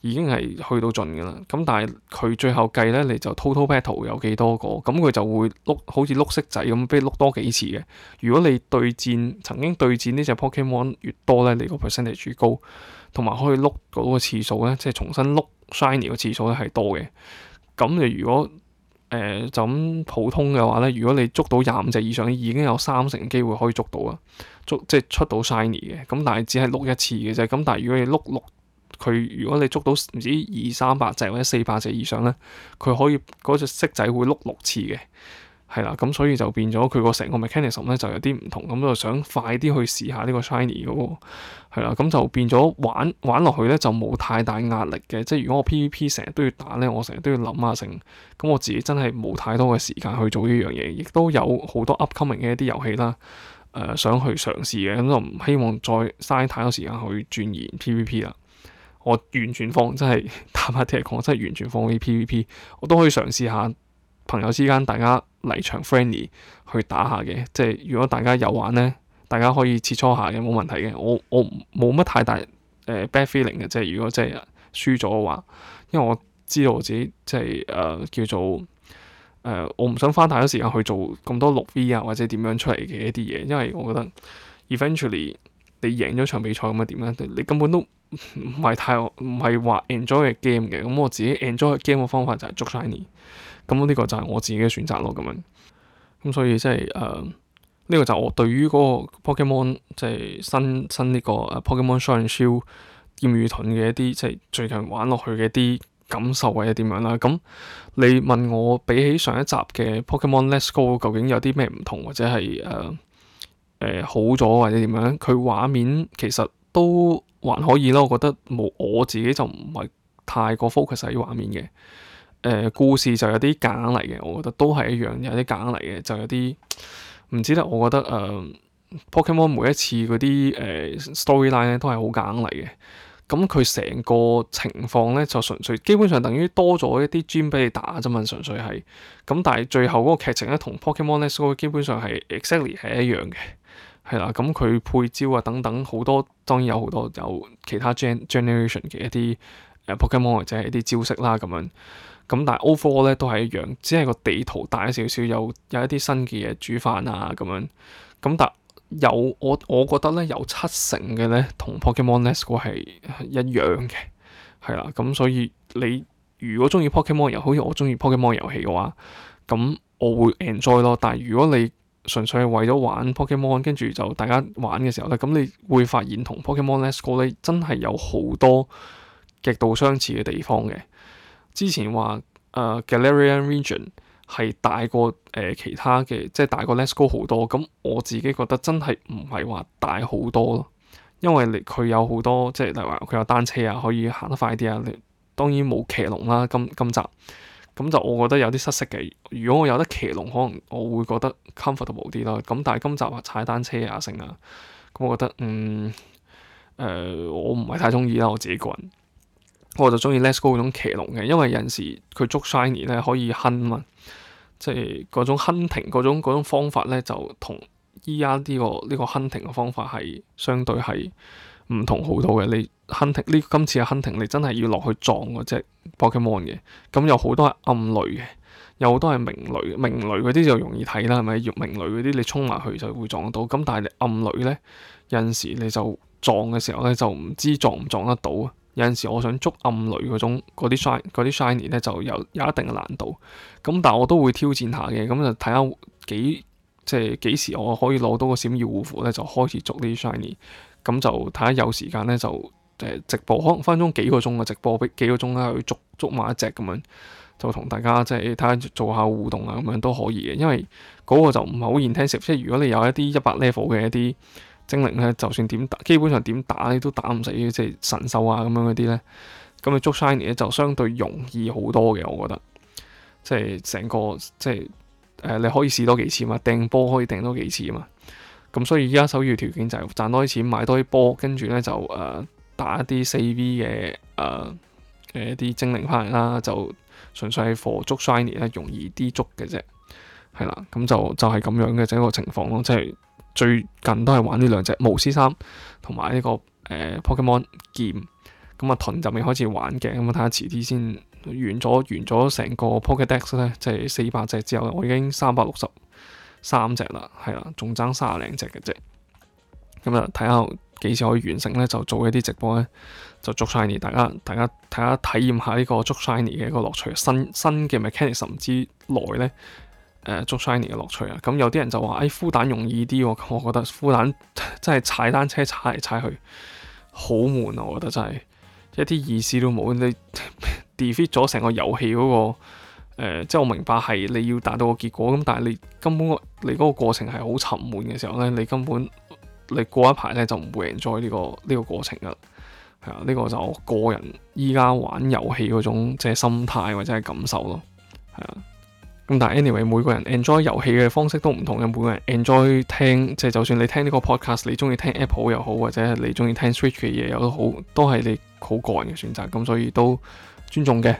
已經係去到盡嘅啦。咁但係佢最後計咧，你就 Total Battle 有幾多個，咁佢就會碌好似碌色仔咁，俾你碌多幾次嘅。如果你對戰曾經對戰呢隻 Pokemon 越多咧，你個 percentage 越高，同埋可以碌嗰個次數咧，即係重新碌 Shiny 嘅次數咧係多嘅。咁你如果呃、就咁普通嘅話呢，如果你捉到廿五隻以上，已經有三成機會可以捉到啊，捉即係出到 shiny 嘅。咁但係只係碌一次嘅啫。咁但係如果你碌六，佢如果你捉到唔知二三百隻或者四百隻以上呢，佢可以嗰隻色仔會碌六次嘅。係啦，咁所以就變咗佢個成個 Mechanism 咧就有啲唔同，咁就想快啲去試下呢個 Shiny 嘅喎，係啦，咁就變咗玩玩落去咧就冇太大壓力嘅。即係如果我 PVP 成日都要打咧，我成日都要諗下成，咁我自己真係冇太多嘅時間去做呢樣嘢，亦都有好多 Upcoming 嘅一啲遊戲啦，誒、呃、想去嘗試嘅，咁就唔希望再嘥太多時間去鑽研 PVP 啦。我完全放，真係坦白講，真係完全放棄 PVP，我都可以嘗試下。朋友之間，大家嚟場 friendly 去打下嘅，即係如果大家有玩呢，大家可以切磋下嘅，冇問題嘅。我我冇乜太大誒、呃、bad feeling 嘅，即係如果即係輸咗嘅話，因為我知道我自己即係誒、呃、叫做誒、呃，我唔想花太多時間去做咁多六 V 啊或者點樣出嚟嘅一啲嘢，因為我覺得 eventually 你贏咗場比賽咁啊點咧？你根本都唔係太唔係話 enjoy 嘅 game 嘅。咁我自己 enjoy game 嘅方法就係捉曬你。咁呢個就係我自己嘅選擇咯，咁樣。咁所以即係誒，呢、呃這個就我對於嗰個 Pokemon 即係新新呢個 Pokemon Sword and Shield 劍與盾嘅一啲即係最近玩落去嘅一啲感受或者點樣啦。咁你問我比起上一集嘅 Pokemon Let’s Go 究竟有啲咩唔同或者係誒誒好咗或者點樣？佢畫面其實都還可以咯，我覺得冇我自己就唔係太過 focus 喺畫面嘅。呃、故事就有啲夾硬嚟嘅，我覺得都係一樣有啲夾硬嚟嘅，就有啲唔知咧。我覺得、呃、Pokemon 每一次嗰啲、呃、storyline 都係好夾硬嚟嘅。咁佢成個情況咧就純粹基本上等於多咗一啲 gym 俾你打啫嘛，純粹係咁、嗯。但係最後嗰個劇情咧同 Pokemon 咧，基本上係 exactly 係一樣嘅係啦。咁佢、嗯、配招啊等等好多，當然有好多有其他 Gen, generation 嘅一啲、呃、Pokemon 或者一啲招式啦咁樣。咁但係 Over 咧都係一樣，只係個地圖大少少，有有一啲新嘅嘢煮飯啊咁樣。咁但有我我覺得咧有七成嘅咧同 p o k e m o n S 嗰個係一樣嘅，係啦。咁所以你如果中意 p o k e m o n 遊好似我中意 p o k e m o n 遊戲嘅話，咁我會 enjoy 咯。但係如果你純粹係為咗玩 p o k e m o n 跟住就大家玩嘅時候咧，咁你會發現同 p o k e m o n S Go 啲真係有好多極度相似嘅地方嘅。之前話誒、呃、Galarian Region 係大過誒、呃、其他嘅，即係大過 Let’s Go 好多。咁我自己覺得真係唔係話大好多咯，因為你佢有好多即係例如話佢有單車啊，可以行得快啲啊。你當然冇騎龍啦、啊，今今集咁就我覺得有啲失色嘅。如果我有得騎龍，可能我會覺得 comfortable 啲咯。咁但係今集啊踩單車啊成啊，咁我覺得嗯誒、呃、我唔係太中意啦，我自己個人。我就鍾意 Let's Go 嗰種騎龍嘅，因為有陣時佢捉 Shiny 咧可以哼嘛，即係嗰種哼停嗰種嗰種方法咧，就同依家呢個呢、呢個哼停嘅方法係相對係唔同好多嘅。你哼停呢今次嘅哼停你真係要落去撞嗰隻 Pokemon 嘅，咁有好多係暗雷嘅，有好多係明雷，明雷嗰啲就容易睇啦，係咪？越明雷嗰啲你衝埋去就會撞到，咁但係你暗雷咧，有陣時你就撞嘅時候咧，就唔知撞唔撞得到啊！有陣時我想捉暗雷嗰種嗰啲啲 shiny 咧就有有一定嘅難度，咁但我都會挑戰下嘅，咁就睇下幾即係幾時我可以攞到個閃耀護符咧，就開始捉呢啲 shiny，咁就睇下有時間咧就誒直播，可能分分鐘幾個鐘嘅直播，播幾個鐘咧去捉捉埋一隻咁樣，就同大家即係睇下做下互動啊咁樣都可以嘅，因為嗰個就唔係好 intensive，即係如果你有一啲一百 level 嘅一啲。精靈咧，就算點打，基本上點打都打唔死，即係神獸啊咁樣嗰啲咧。咁你捉 Shiny 咧就相對容易好多嘅，我覺得。即係成個即係、呃、你可以試多幾次嘛，掟波可以掟多幾次啊嘛。咁所以依家首要條件就係賺多啲錢買多啲波，跟住咧就誒、呃、打一啲四 V 嘅誒誒一啲精靈翻嚟啦，就純粹係 for 捉 Shiny 咧容易啲捉嘅啫。係啦，咁就就係、是、咁樣嘅整個情況咯，即係。最近都係玩呢兩隻巫師三同埋呢個誒、呃、Pokemon 劍，咁啊，盾就未開始玩嘅咁我睇下遲啲先完咗完咗成個 Pokedex 咧，即係四百隻之後，我已經三百六十三隻啦，係啦，仲爭三十零隻嘅啫。咁啊，睇下幾時可以完成咧，就做一啲直播咧，就捉 shiny 大家大家睇下體驗下呢個捉 shiny 嘅一個樂趣，新新嘅 mechanics 之內咧。誒捉 Shiny 嘅樂趣啊！咁有啲人就話：誒、哎、孵蛋容易啲，我覺得孵蛋 真係踩單車踩嚟踩去，好悶啊！我覺得真係一啲意思都冇。你 defeat 咗成個遊戲嗰、嗰個、呃、即係我明白係你要達到個結果，咁但係你根本你嗰個過程係好沉悶嘅時候咧，你根本你過一排咧就唔會 enjoy 呢個呢、呢個過程噶啦。係啊，呢、呢個就我個人依家玩遊戲嗰種即係心態或者係感受咯。係啊。咁但 anyway，每個人 enjoy 遊戲嘅方式都唔同嘅。每個人 enjoy 聽，即係就算你聽呢個 podcast，你中意聽 Apple 又好，或者你中意聽 Switch 嘅嘢又好，都係你好個人嘅選擇。咁所以都尊重嘅。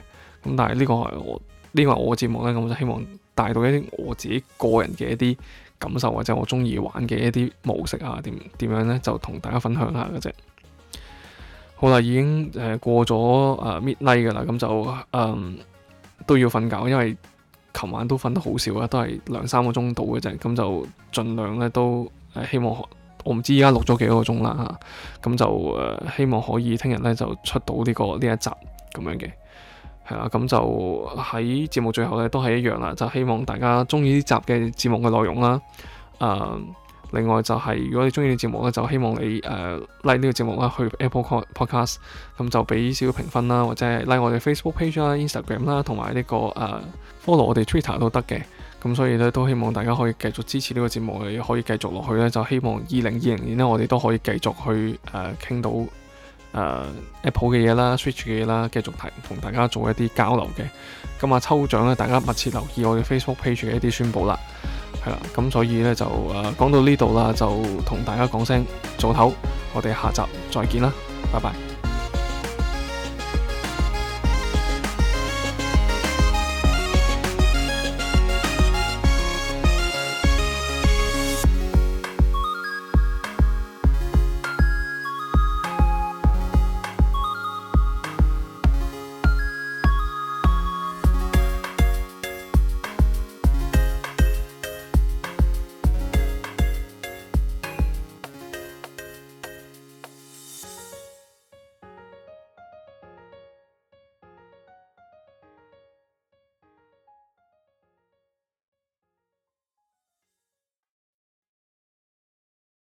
咁但係呢個係我呢、呢個係我嘅節目咧，咁我就希望帶到一啲我自己個人嘅一啲感受，或者我中意玩嘅一啲模式啊，點點樣咧，就同大家分享下嘅啫。好啦，已經誒過咗啊 midnight 噶啦，咁就嗯、um, 都要瞓覺，因為。琴晚都瞓得好少啊，都係兩三個鐘到嘅啫，咁就儘量咧都希望，我唔知依家錄咗幾多個鐘啦嚇，咁就誒、呃、希望可以聽日咧就出到呢、這個呢一集咁樣嘅，係、啊、啦，咁就喺節目最後咧都係一樣啦，就希望大家中意呢集嘅節目嘅內容啦，誒、呃。另外就係、是、如果你中意呢個節目咧，就希望你誒、uh, like 呢個節目啦，去 Apple Podcast 咁就俾少少評分啦，或者係、like、拉我哋 Facebook page 啦、Instagram 啦，同埋呢個誒、uh, follow 我哋 Twitter 都得嘅。咁所以咧都希望大家可以繼續支持呢個節目，可以繼續落去咧，就希望二零二零年呢，我哋都可以繼續去誒傾、uh, 到誒、uh, Apple 嘅嘢啦、Switch 嘅嘢啦，繼續提同大家做一啲交流嘅。咁啊抽獎咧，大家密切留意我哋 Facebook page 嘅一啲宣佈啦。係啦，咁所以咧就誒講到呢度啦，就同、呃、大家講聲早唞，我哋下集再見啦，拜拜。